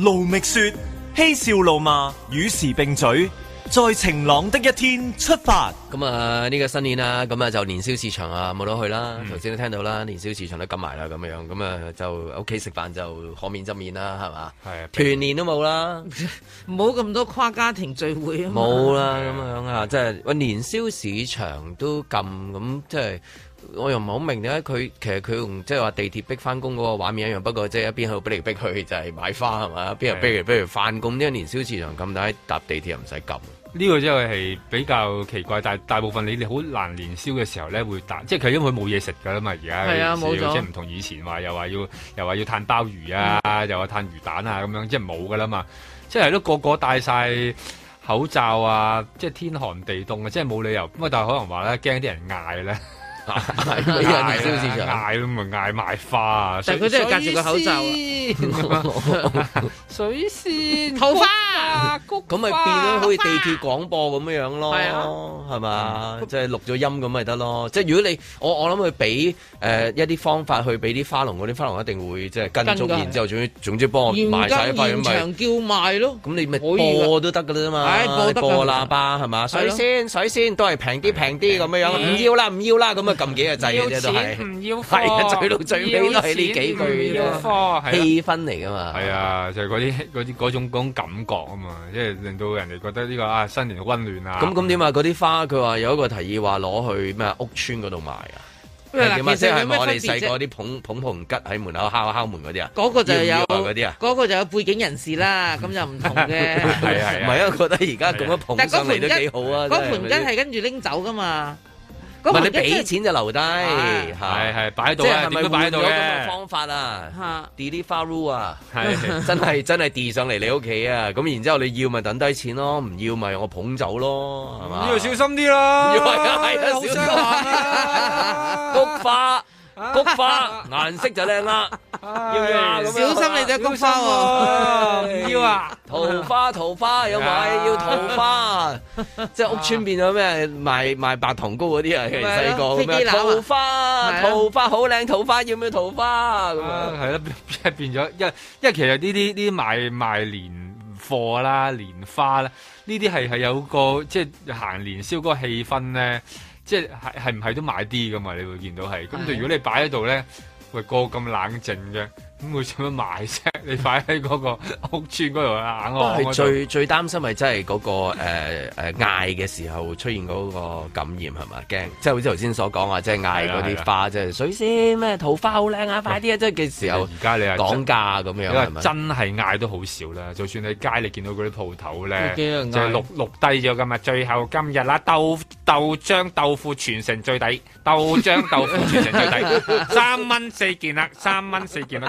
盧覓雪嬉笑怒罵，與時並嘴。在晴朗的一天出發。咁啊，呢、這個新年啦、啊，咁啊就年宵市場啊冇得去啦。頭先都聽到啦，年宵市場都撳埋啦，咁樣。咁啊，就屋企食飯就可免則免啦，係嘛？係團、啊、年都冇啦，冇咁多跨家庭聚會。冇啦，咁、啊、樣啊，即係我年宵市場都撳，咁即係。我又唔係好明點解，佢其實佢用即係話地鐵逼翻工嗰個畫面一樣，不過即係一邊去度逼嚟逼去就係買花係嘛？一邊度逼嚟逼去翻工。呢個年宵市場咁大，搭地鐵又唔使撳。呢個真係比較奇怪，但係大部分你哋好難年宵嘅時候咧，會搭，即係佢因為冇嘢食㗎啦嘛，而家係啊冇咗，即係唔同以前話又話要又話要嘆鮑魚啊，嗯、又話嘆魚蛋啊咁樣，即係冇㗎啦嘛。即係都個個戴晒口罩啊，即係天寒地凍啊，即係冇理由。咁啊，但係可能話咧，驚啲人嗌咧。係，嗌啦，嗌啦，咪嗌賣花啊！佢真係隔住個口罩。水仙、桃花、菊，咁咪變咗好似地鐵廣播咁樣樣咯，係嘛？即係錄咗音咁咪得咯。即係如果你，我我諗佢俾誒一啲方法去俾啲花農嗰啲花農，一定會即係跟足。然之後仲要總之幫我賣晒一塊咁咪。現場叫賣咯。咁你咪播都得噶啦嘛，你播喇叭係嘛？水仙，水仙都係平啲，平啲咁樣樣。唔要啦，唔要啦，咁啊。撳幾個掣嘅啫都係，係啊，追到最尾都係呢幾句氣氛嚟噶嘛。係啊，就係嗰啲嗰啲嗰種感覺啊嘛，即係令到人哋覺得呢個啊新年溫暖啊。咁咁點啊？嗰啲花佢話有一個提議話攞去咩屋村嗰度賣啊。點啊？即係我哋細個啲捧捧盆吉喺門口敲敲門嗰啲啊。嗰個就有啲啊。嗰個就有背景人士啦，咁就唔同嘅。係係，唔係因為覺得而家咁樣捧，但係嗰盆吉好啊，嗰盆吉係跟住拎走噶嘛。唔係、就是、你俾錢就留低，係係擺喺度，點都擺喺度，方法啊 deliver 啊，係 真係真係遞上嚟你屋企啊。咁然之後你要咪等低錢咯，唔要咪我捧走咯，係嘛？要小心啲啦，菊花菊花顏色就靚啦，要唉小心你隻菊花喎，啊唉唔要啊！桃花桃花有冇？要桃花。 即係屋村變咗咩？賣賣白糖糕嗰啲啊，其實細個、啊、桃花是是、啊、桃花好靚，桃花要咩要桃花？咁啊係啦，即係樣、啊、變咗，因因為其實呢啲呢啲賣賣年貨啦，年花啦，呢啲係係有個即係、就是、行年宵嗰個氣氛咧，即係係係唔係都買啲噶嘛？你會見到係，咁就、啊、如果你擺喺度咧，會過咁冷靜嘅。咁會做咩埋石？你擺喺嗰個屋村嗰度啊！我裡最最擔心係真係嗰、嗰個誒誒嗌嘅時候出現嗰個感染係咪？驚即係好似頭先所講啊，即係嗌嗰啲花，即係水仙咩、啊？桃花好靚啊！快啲啊！即係嘅時候，而家你係講價咁樣，真係嗌都好少啦。就算喺街你，你見到嗰啲鋪頭咧，就錄錄低咗㗎嘛。最後今日啦，豆豆漿豆腐全城最抵， 豆漿豆腐全城最抵，三蚊四件啦，三蚊四件啦，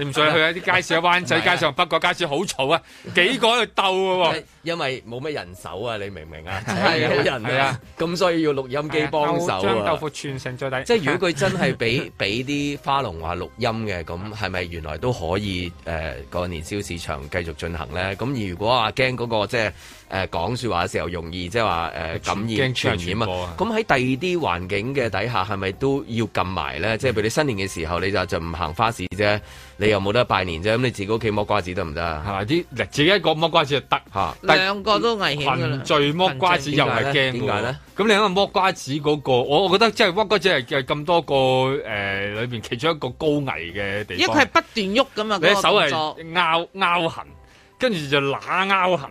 你唔想去啊？啲街市啊，灣仔街上北角街市好嘈啊，幾個喺度鬥嘅喎，因為冇咩人手啊，你明唔明啊？係冇人係啊，咁所以要錄音機幫手啊。將豆腐串成最第即係如果佢真係俾俾啲花龍話錄音嘅，咁係咪原來都可以誒個年宵市場繼續進行咧？咁如果話驚嗰個即係誒講説話嘅時候容易即係話誒感染傳染啊？咁喺第二啲環境嘅底下係咪都要禁埋咧？即係譬如你新年嘅時候你就就唔行花市啫。你又冇得拜年啫，咁你自己屋企摸瓜子得唔得啊？係咪啲，自己一個摸瓜子就得吓，兩個都危險，最群聚摸瓜子又係驚、那個，點解咧？咁你喺度摸瓜子嗰、那個，我我覺得即係摸瓜子係係咁多個誒裏邊其中一個高危嘅地，地方。一個係不斷喐咁樣，你手係拗拗痕，跟住就乸拗痕。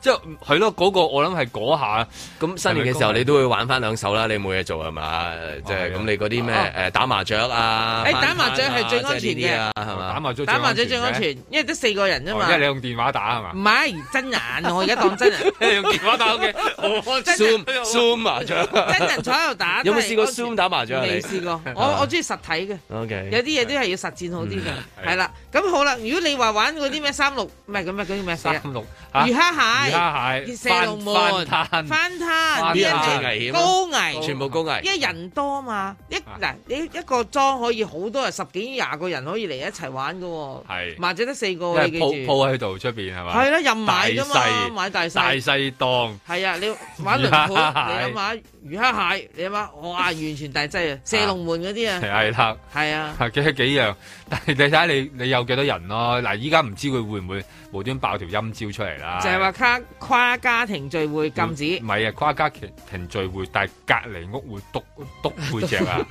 即係咯，嗰個我諗係嗰下咁新年嘅時候，你都會玩翻兩手啦。你冇嘢做係嘛？即係咁你嗰啲咩，誒打麻雀啊？誒，打麻雀係最安全嘅，係嘛？打麻雀，打麻雀最安全，因為得四個人啫嘛。因為你用電話打係嘛？唔係真人，我而家當真人。用電話打 OK，Zoom Zoom 麻雀，真人坐喺度打。有冇試過 Zoom 打麻雀啊？未試過，我我中意實體嘅。OK，有啲嘢都係要實戰好啲噶。係啦，咁好啦。如果你話玩嗰啲咩三六，唔係咁啲咩三六。魚蝦蟹，翻灘翻灘，高危全部高危，因為人多嘛。一嗱你一個莊可以好多人，十幾廿個人可以嚟一齊玩噶，係，或者得四個，鋪鋪喺度出邊係咪？係咯，任買噶嘛，買大細大細檔，係啊，你玩龍虎，你啊玩魚蝦蟹，你啊玩，哇，完全大劑啊，四龍門嗰啲啊，係啦，係啊，幾幾樣，但係你睇下你你有幾多人咯？嗱，依家唔知佢會唔會無端爆條陰招出嚟，就係話跨跨家庭聚會禁止，唔係啊跨家庭聚會，但係隔籬屋會督督背脊啊，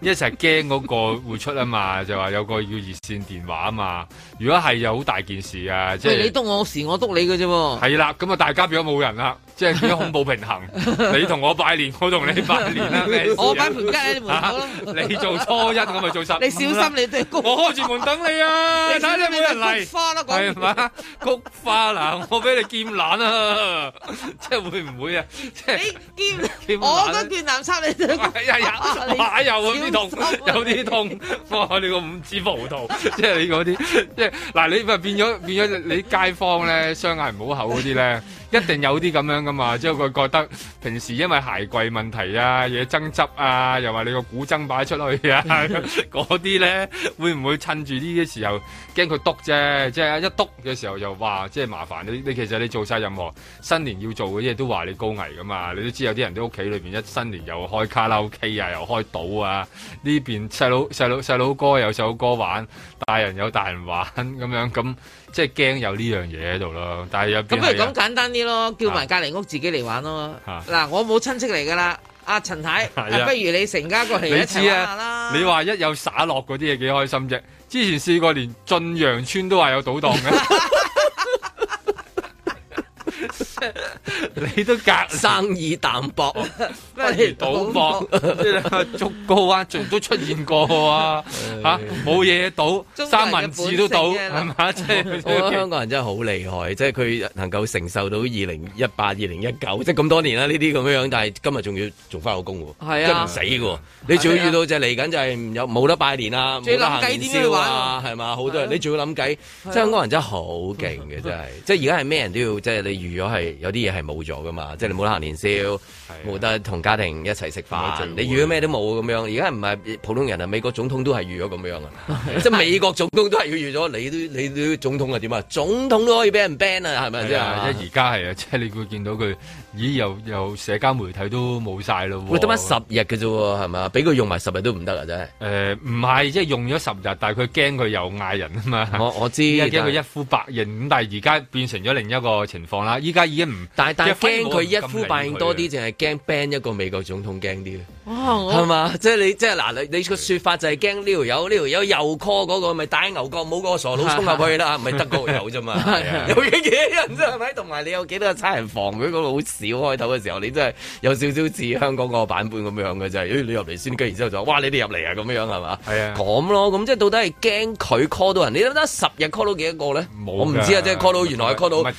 一齊驚嗰個會出啊嘛，就話、是、有個要熱線電話啊嘛，如果係有好大件事啊，即、就、係、是、你督我時我督你嘅啫、啊，係啦、 啊，咁啊大家變咗冇人啦、啊。即係啲恐怖平衡，你同我拜年，我同你拜年啦。我擺盆雞喺門口咯，你做初一，我咪做十。你小心你對，我開住門等你啊！你睇下冇人嚟，花啦，係嘛？菊花嗱，我俾你劍蘭啊！即係會唔會啊？即係劍，我根劍蘭插你度，擺油啊！擺油嗰啲痛，有啲痛。哇！你個五指葡萄，即係你嗰啲，即係嗱，你咪變咗變咗，你啲街坊咧，相嗌唔好口嗰啲咧。 一定有啲咁樣噶嘛，即係佢覺得平時因為鞋櫃問題啊，嘢爭執啊，又話你個古箏擺出去啊，嗰啲咧會唔會趁住呢啲時候驚佢篤啫？即係、就是、一篤嘅時候就話即係麻煩你。你其實你做晒任何新年要做嘅嘢都話你高危噶嘛，你都知有啲人喺屋企裏面，一新年又開卡拉 OK 啊，又開賭啊，呢邊細佬細佬細佬哥有細佬哥玩，大人有大人玩咁樣咁。即係驚有呢樣嘢喺度咯，但係有咁不如咁簡單啲咯，啊、叫埋隔離屋自己嚟玩咯。嗱、啊啊，我冇親戚嚟噶啦，阿、啊、陳太、啊啊，不如你成家過嚟一次呀、啊！你話一有耍樂嗰啲嘢幾開心啫、啊？之前試過連進陽村都話有賭檔嘅。 你都隔生意淡薄，不如賭博。足高啊，仲都出現過啊。冇嘢賭，三文治都賭。係嘛？即係，我覺得香港人真係好厲害，即係佢能夠承受到二零一八、二零一九，即係咁多年啦。呢啲咁樣樣，但係今日仲要做翻個工喎，真係唔死嘅喎。你仲要遇到就嚟緊就係有冇得拜年啊，冇得行年宵啊，係嘛？好多人，你仲要諗計，即係香港人真係好勁嘅，真係。即係而家係咩人都要，即係你預咗係有啲嘢係冇咗噶嘛，即係你冇得行年宵。冇得同家庭一齊食飯嗰陣，的你預咗咩都冇咁樣。而家唔係普通人啊，美國總統都係預咗咁樣啊，的 即係美國總統都係要預咗。你都你都總統係點啊？總統都可以俾人 ban 啊，係咪即係而家係啊，即係你會見到佢，咦又又社交媒體都冇晒咯。得翻十日咋啫，係咪？俾佢用埋十日都唔得啊，真係。誒、呃，唔係，即係用咗十日，但係佢驚佢又嗌人啊嘛、哦。我我知，驚佢一呼百應。咁但係而家變成咗另一個情況啦，依家已經唔，但但係驚佢一呼百應多啲，淨係。驚 ban 一個美國總統驚啲咧，係嘛？即係你，即係嗱，你你個說法就係驚呢條友呢條友又 call 嗰個，咪帶牛角帽個傻佬衝入去啦？咪德國有啫嘛？有幾人啫？係咪？同埋你有幾多個差人防佢？嗰個好少開頭嘅時候，你真係有少少似香港個版本咁樣嘅啫。誒，你入嚟先，跟住之後就，哇！你哋入嚟啊，咁樣樣係嘛？係啊，咁咯，咁即係到底係驚佢 call 到人？你得唔得十日 call 到幾多個咧？我唔知啊，即係 call 到，原來 call 到。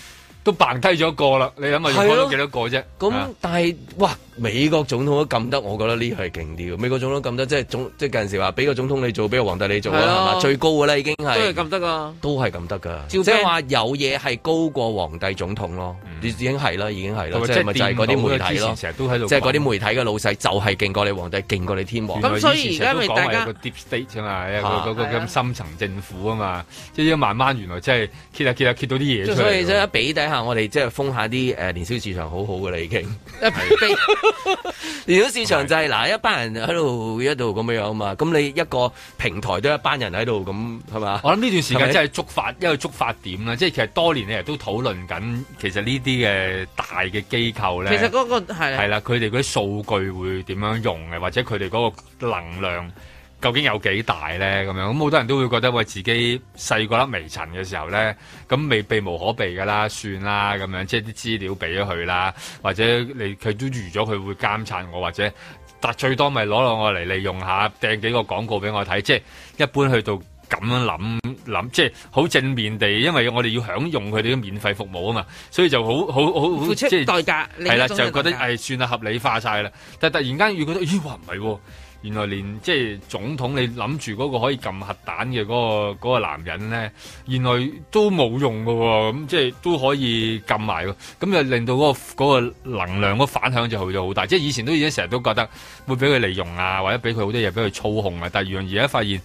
都扮低咗一個啦，你諗下仲都幾多個啫？咁但係哇，美國總統都撳得，我覺得呢係勁啲嘅。美國總統撳得，即係總即係有陣時話俾個總統你做，俾個皇帝你做啦，最高嘅啦，已經係都係撳得噶，都係撳得噶。即係話有嘢係高過皇帝、總統咯，已經係啦，已經係啦。即係咪就係嗰啲媒體咯？都即係嗰啲媒體嘅老細就係勁過你皇帝，勁過你天王。咁所以而家咪大家個 deep state 嗰個咁深層政府啊嘛，即係慢慢原來即係揭下揭下揭到啲嘢啊、我哋即係封一下啲誒、呃、年宵市場很好的，好好嘅啦，已經。年宵市場就係、是、嗱是、啊，一班人喺度，一度咁樣啊嘛。咁你一個平台都一班人喺度咁係嘛？我諗呢段時間真係觸發一個吧觸發點啦。即係其實多年嚟都討論緊，其實呢啲嘅大嘅機構咧，其實嗰、那個係係啦，佢哋嗰啲數據會點樣用嘅，或者佢哋嗰個能量。究竟有幾大咧？咁樣咁好多人都會覺得喂，自己細個粒微塵嘅時候咧，咁未避無可避噶啦，算啦咁樣，即係啲資料俾咗佢啦，或者你佢都預咗佢會監察我，或者但最多咪攞落我嚟利用下，掟幾個廣告俾我睇，即係一般去到咁樣諗諗，即係好正面地，因為我哋要享用佢哋嘅免費服務啊嘛，所以就好好好好即係代價，係啦即，就覺得、哎、算啦，合理化晒啦，但係突然間要覺得咦話唔係喎。原來連即係總統，你諗住嗰個可以撳核彈嘅嗰個嗰個男人咧，原來都冇用㗎喎，咁即係都可以撳埋咯，咁就令到嗰個嗰個能量嗰反響就去到好大，即係以前都已經成日都覺得會俾佢利用啊，或者俾佢好多嘢俾佢操控啊，但係而家發現。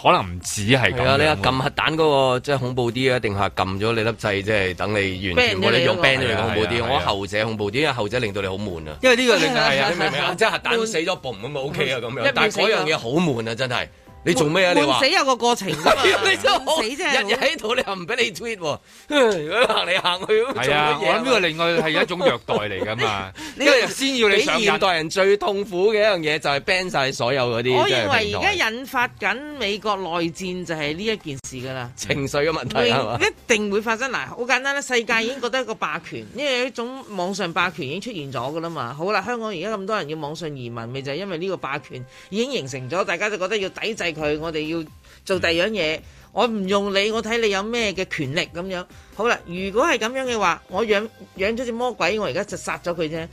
可能唔止係咁。啊，你話撳核彈嗰、嗰個即係恐怖啲啊，定係撳咗你粒掣即係等你完全，喎、這個？用你用 band 嚟恐怖啲，啊啊啊、我後者恐怖啲，因為後者令到你好悶啊。因為呢個係、就是、啊，你明唔明啊？明即係核彈死咗 boom 咁咪 OK 啊咁樣。但係嗰樣嘢好悶啊，真係。你做咩啊？你話悶死有個過程嘛？你都死啫。日日喺度，你又唔俾你 tweet，行嚟行去。係啊，呢個另外係一種虐待嚟㗎嘛。呢個 你先要你上癮。俾現代人最痛苦嘅一樣嘢就係 ban 曬所有嗰啲。我認為而家引發緊美國內戰就係呢一件事㗎啦。情緒嘅問題係嘛？一定會發生來。嗱，好簡單啦，世界已經覺得一個霸權， 因為一種網上霸權已經出現咗㗎啦嘛。好啦，香港而家咁多人要網上移民，咪就係、是、因為呢個霸權已經形成咗，大家就覺得要抵制。佢，我哋要做第二樣嘢。我唔用你，我睇你有咩嘅權力咁樣。好啦，如果係咁樣嘅話，我養養咗隻魔鬼，我而家就殺咗佢啫。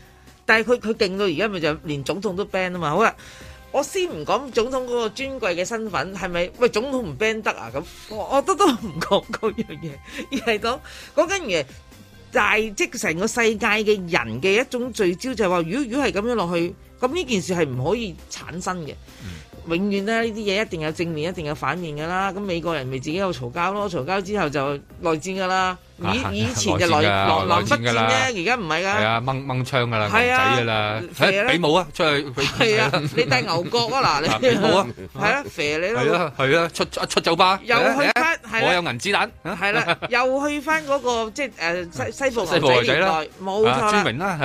但係佢佢勁到而家咪就連總統都 ban 啊嘛。好啦，我先唔講總統嗰個尊貴嘅身份係咪？喂，總統唔 ban 得啊？咁我我得都唔講嗰樣嘢，而係講講緊嘢。大即成個世界嘅人嘅一種聚焦，就係話，如果如果係咁樣落去，咁呢件事係唔可以產生嘅。嗯永遠咧，呢啲嘢一定有正面，一定有反面噶啦。咁美國人咪自己有嘈交咯，嘈交之後就內戰噶啦。以以前就來來不前咧，而家唔係啦。係啊，掹掹槍噶啦，係啊，仔噶啦。誒，比武啊，出去。係啊，你戴牛角啊，嗱，你比武啊，係啦，射你咯。係啦，出出酒吧。又去翻，我有銀子彈。係啦，又去翻嗰個即係誒西西部牛仔冇錯啦，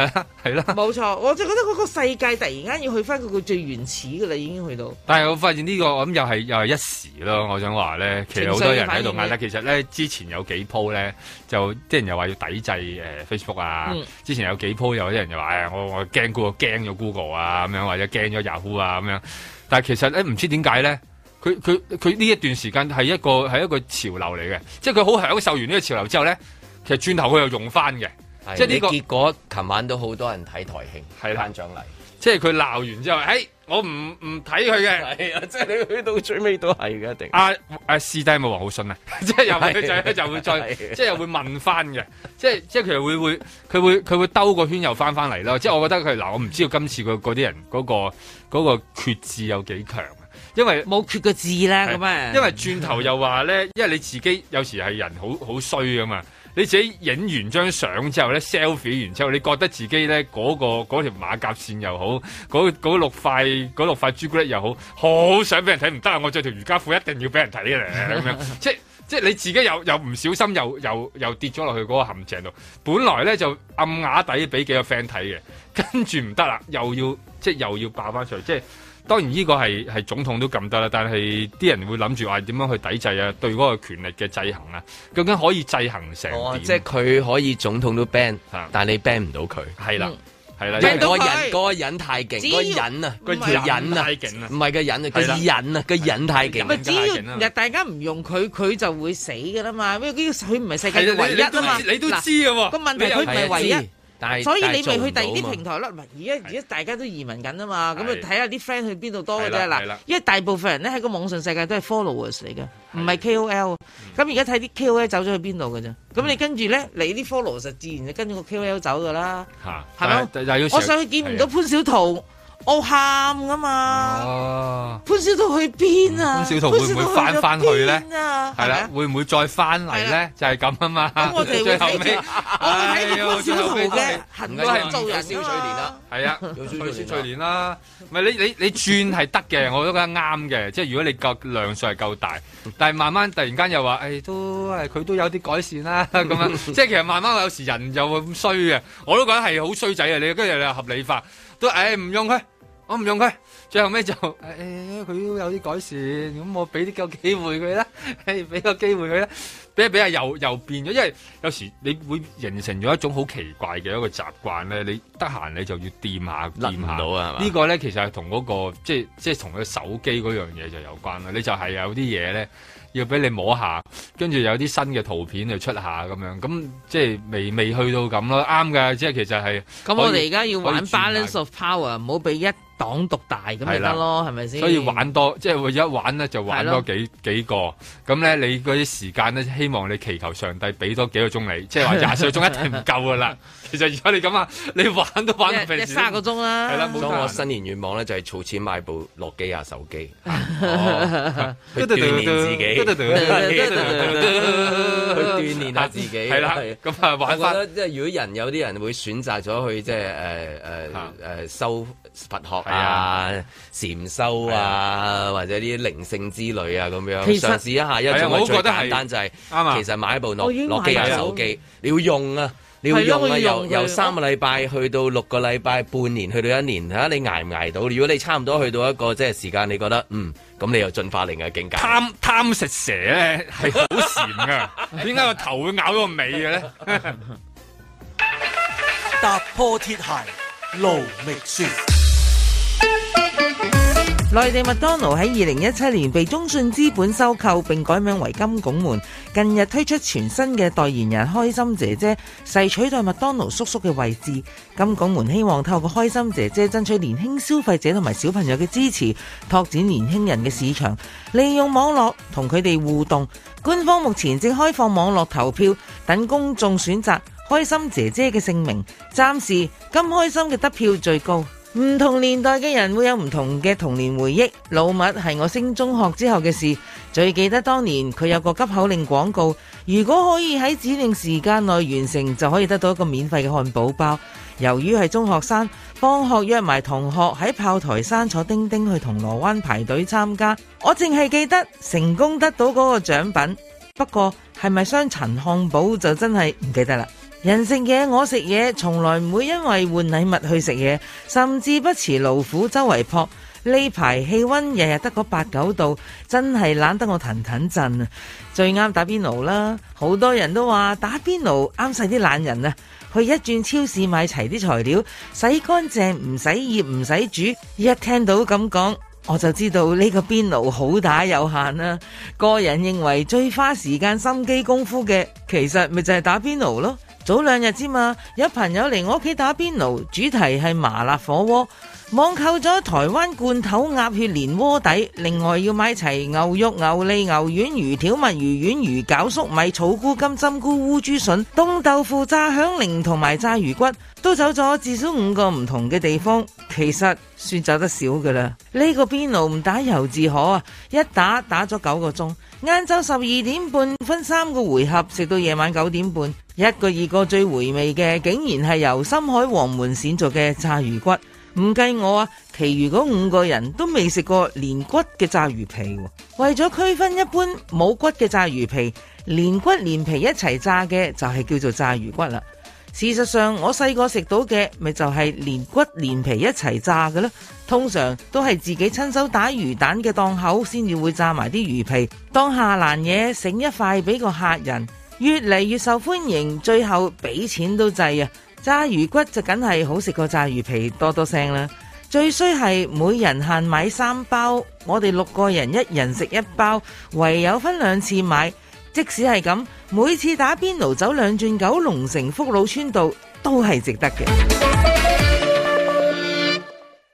係啦，冇錯。我就覺得嗰個世界突然間要去翻嗰個最原始㗎啦，已經去到。但係我發現呢個，我諗又係又係一時咯。我想話咧，其實好多人喺度嗌啦，其實咧之前有幾鋪咧。就啲人又話要抵制誒 Facebook 啊！嗯、之前有幾鋪有啲人又話啊，我我驚 Google 驚咗 Google 啊，咁樣，或者驚咗 Yahoo 啊，咁樣。但係其實咧唔、欸、知點解咧，佢佢佢呢一段時間係一個係一個潮流嚟嘅，即係佢好享受完呢個潮流之後咧，其實轉頭佢又用翻嘅。的即係、這、呢個結果，琴晚都好多人睇台慶，係頒獎禮。即係佢鬧完之後，哎，我唔唔睇佢嘅，係啊，即係你去到最尾都係嘅，一定。阿阿師弟咪王浩信啊， 即係又佢就會會再，即係又會問翻嘅， 即係即係佢又會會，佢會佢會兜個圈又翻翻嚟咯。 即係我覺得佢嗱，我唔知道今次佢嗰啲人嗰、嗰個決志、嗰個、有幾強啊，因為冇缺個字呢，咁啊的。麼 因為轉頭又話咧，因為你自己有時係人好好衰噶嘛。你自己影完張相之後咧，selfie 完之後，你覺得自己咧嗰個嗰條馬甲線又好，嗰嗰六塊嗰六塊朱古力又好，好想俾人睇，唔得啊！我着條瑜伽褲一定要俾人睇嘅，咁樣即即你自己又又唔小心又又又跌咗落去嗰個陷阱度，本來咧就暗啞底俾幾個 friend 睇嘅，跟住唔得啦，又要即又要爆翻出嚟，即。當然呢個係係總統都禁得啦，但係啲人會諗住話點樣去抵制啊？對嗰個權力嘅制衡啊，究竟可以制衡成點？哦，即係佢可以總統都 ban，但你 ban 唔到佢。係啦，係啦，嗰個人個個人太勁，個人啊，個人啊，唔係個人，啊，個人啊，太勁。只要大家唔用佢，佢就會死㗎啦嘛。因為佢唔係世界唯一啊嘛。你都知㗎喎，個問題佢唔係唯一。所以你咪去第二啲平台咯，唔係而家而家大家都移民緊啊嘛，咁啊睇下啲 friend 去邊度多嘅啫。嗱，因為大部分人咧喺個網上世界都係 followers 嚟嘅，唔係 KOL。咁而家睇啲 KOL 走咗去邊度嘅啫，咁你跟住咧，你啲 followers 自然就跟住個 KOL 走噶啦，係咪啊？我上去見唔到潘小濤。我喊噶嘛？潘小桃去邊啊？潘小桃會唔會翻翻去咧？係啦，會唔會再翻嚟咧？就係咁啊嘛。咁我哋會睇潘小桃嘅，都係做人少水年啦。係啊，做少水年啦。唔係你你你轉係得嘅，我都覺得啱嘅。即係如果你夠量數係夠大，但係慢慢突然間又話，誒都係佢都有啲改善啦咁樣。即係其實慢慢有時人就會咁衰嘅，我都覺得係好衰仔啊！你跟住你又合理化。都唉唔、欸、用佢，我唔用佢，最後屘就唉佢都有啲改善，咁我俾啲個機會佢啦，唉俾個機會佢啦，俾、欸、一俾啊又又變咗，因為有時你會形成咗一種好奇怪嘅一個習慣咧，你得閒你就要掂下，掂下。到啊嘛，個呢個咧吧其實係同嗰個即係即係同佢手機嗰樣嘢就有關啦，你就係有啲嘢咧。要俾你摸下，跟住有啲新嘅圖片又出下咁樣，咁即係未未去到咁咯，啱㗎，即係其實係。咁我哋而家要玩 Balance of Power，唔好俾一，黨獨大咁咪得咯，係咪先？所以玩多，即係會一玩呢，就玩多幾幾個，咁咧你嗰啲時間咧，希望你祈求上帝俾多幾個鐘你，即係話廿四個鐘一定唔夠噶啦。其實而家你咁啊，你玩都玩廿三個鐘啦。所以，我新年願望咧就係儲錢買部諾基亞手機，去鍛煉自己，去鍛煉下自己。係啦，咁啊玩翻。我覺得即係如果人有啲人會選擇咗去即係誒誒誒收。佛學啊、禪修啊，或者啲靈性之類啊，咁樣嘗試一下。一種我覺得最簡單就係，其實買一部諾諾基亞手機，你要用啊，你要用啊，由由三個禮拜去到六個禮拜，半年去到一年，嚇你捱唔捱到？如果你差唔多去到一個即係時間，你覺得嗯，咁你又進化另一境界。貪貪食蛇咧，係好閃噶，點解個頭會咬到個尾嘅咧？踏破鐵鞋路未絕。內地麥當勞喺二零一七年被中信資本收購，並改名為金拱門。近日推出全新嘅代言人開心姐姐，誓取代麥當勞叔叔嘅位置。金拱門希望透過開心姐姐爭取年輕消費者同埋小朋友嘅支持，拓展年輕人嘅市場。利用網絡同佢哋互動，官方目前正開放網絡投票，等公眾選擇開心姐姐嘅姓名。暫時，金開心嘅得票最高。唔同年代嘅人會有唔同嘅童年回憶，老麥係我升中學之後嘅事，最記得當年佢有個急口令廣告，如果可以喺指定時間內完成，就可以得到一個免費嘅漢堡包。由於係中學生，放學約埋同學喺炮台山坐叮叮去銅鑼灣排隊參加，我淨係記得成功得到嗰個獎品，不過係咪雙層漢堡就真係唔記得啦。人食嘢，我食嘢，從來唔會因為換禮物去食嘢，甚至不辭勞苦周圍撲。呢排氣溫日日得個八九度，真係懶得我騰騰震。最啱打邊爐啦，好多人都話打邊爐啱晒啲懶人啊。去一轉超市買齊啲材料，洗乾淨，唔使醃，唔使煮，一聽到咁講，我就知道呢個邊爐好打有限啦啊。個人認為最花時間心機功夫嘅，其實咪就係打邊爐咯。早兩日之嘛，有朋友嚟我屋企打邊爐，主題係麻辣火鍋，網購咗台灣罐頭鴨血連鍋底，另外要買齊牛肉、牛脷、牛丸、魚條、文、魚丸、魚餃、粟米、草菇、金針菇、烏豬筍、凍豆腐、炸響鈴同埋炸魚骨。都走咗至少五個唔同嘅地方，其實算走得少㗎啦。呢、這個邊爐唔打由自可啊，一打打咗九個鐘，晏晝十二點半分三個回合，食到夜晚九點半。一個二個最回味嘅，竟然係由深海黃門選做嘅炸魚骨。唔計我啊，其餘嗰五個人都未食過連骨嘅炸魚皮。為咗區分一般冇骨嘅炸魚皮，連骨連皮一齊炸嘅就係叫做炸魚骨啦。事實上，我細個食到嘅咪就係連骨連皮一齊炸㗎囉。通常都係自己親手打魚蛋嘅檔口先至會炸埋啲魚皮，當下欄嘢，醒一塊俾個客人。越嚟越受歡迎，最後俾錢都滯啊！炸魚骨就梗係好食過炸魚皮多多聲啦。最衰係每人限買三包，我哋六個人一人食一包，唯有分兩次買。即使係咁，每次打邊爐走兩轉九龍城福老村道都係值得嘅。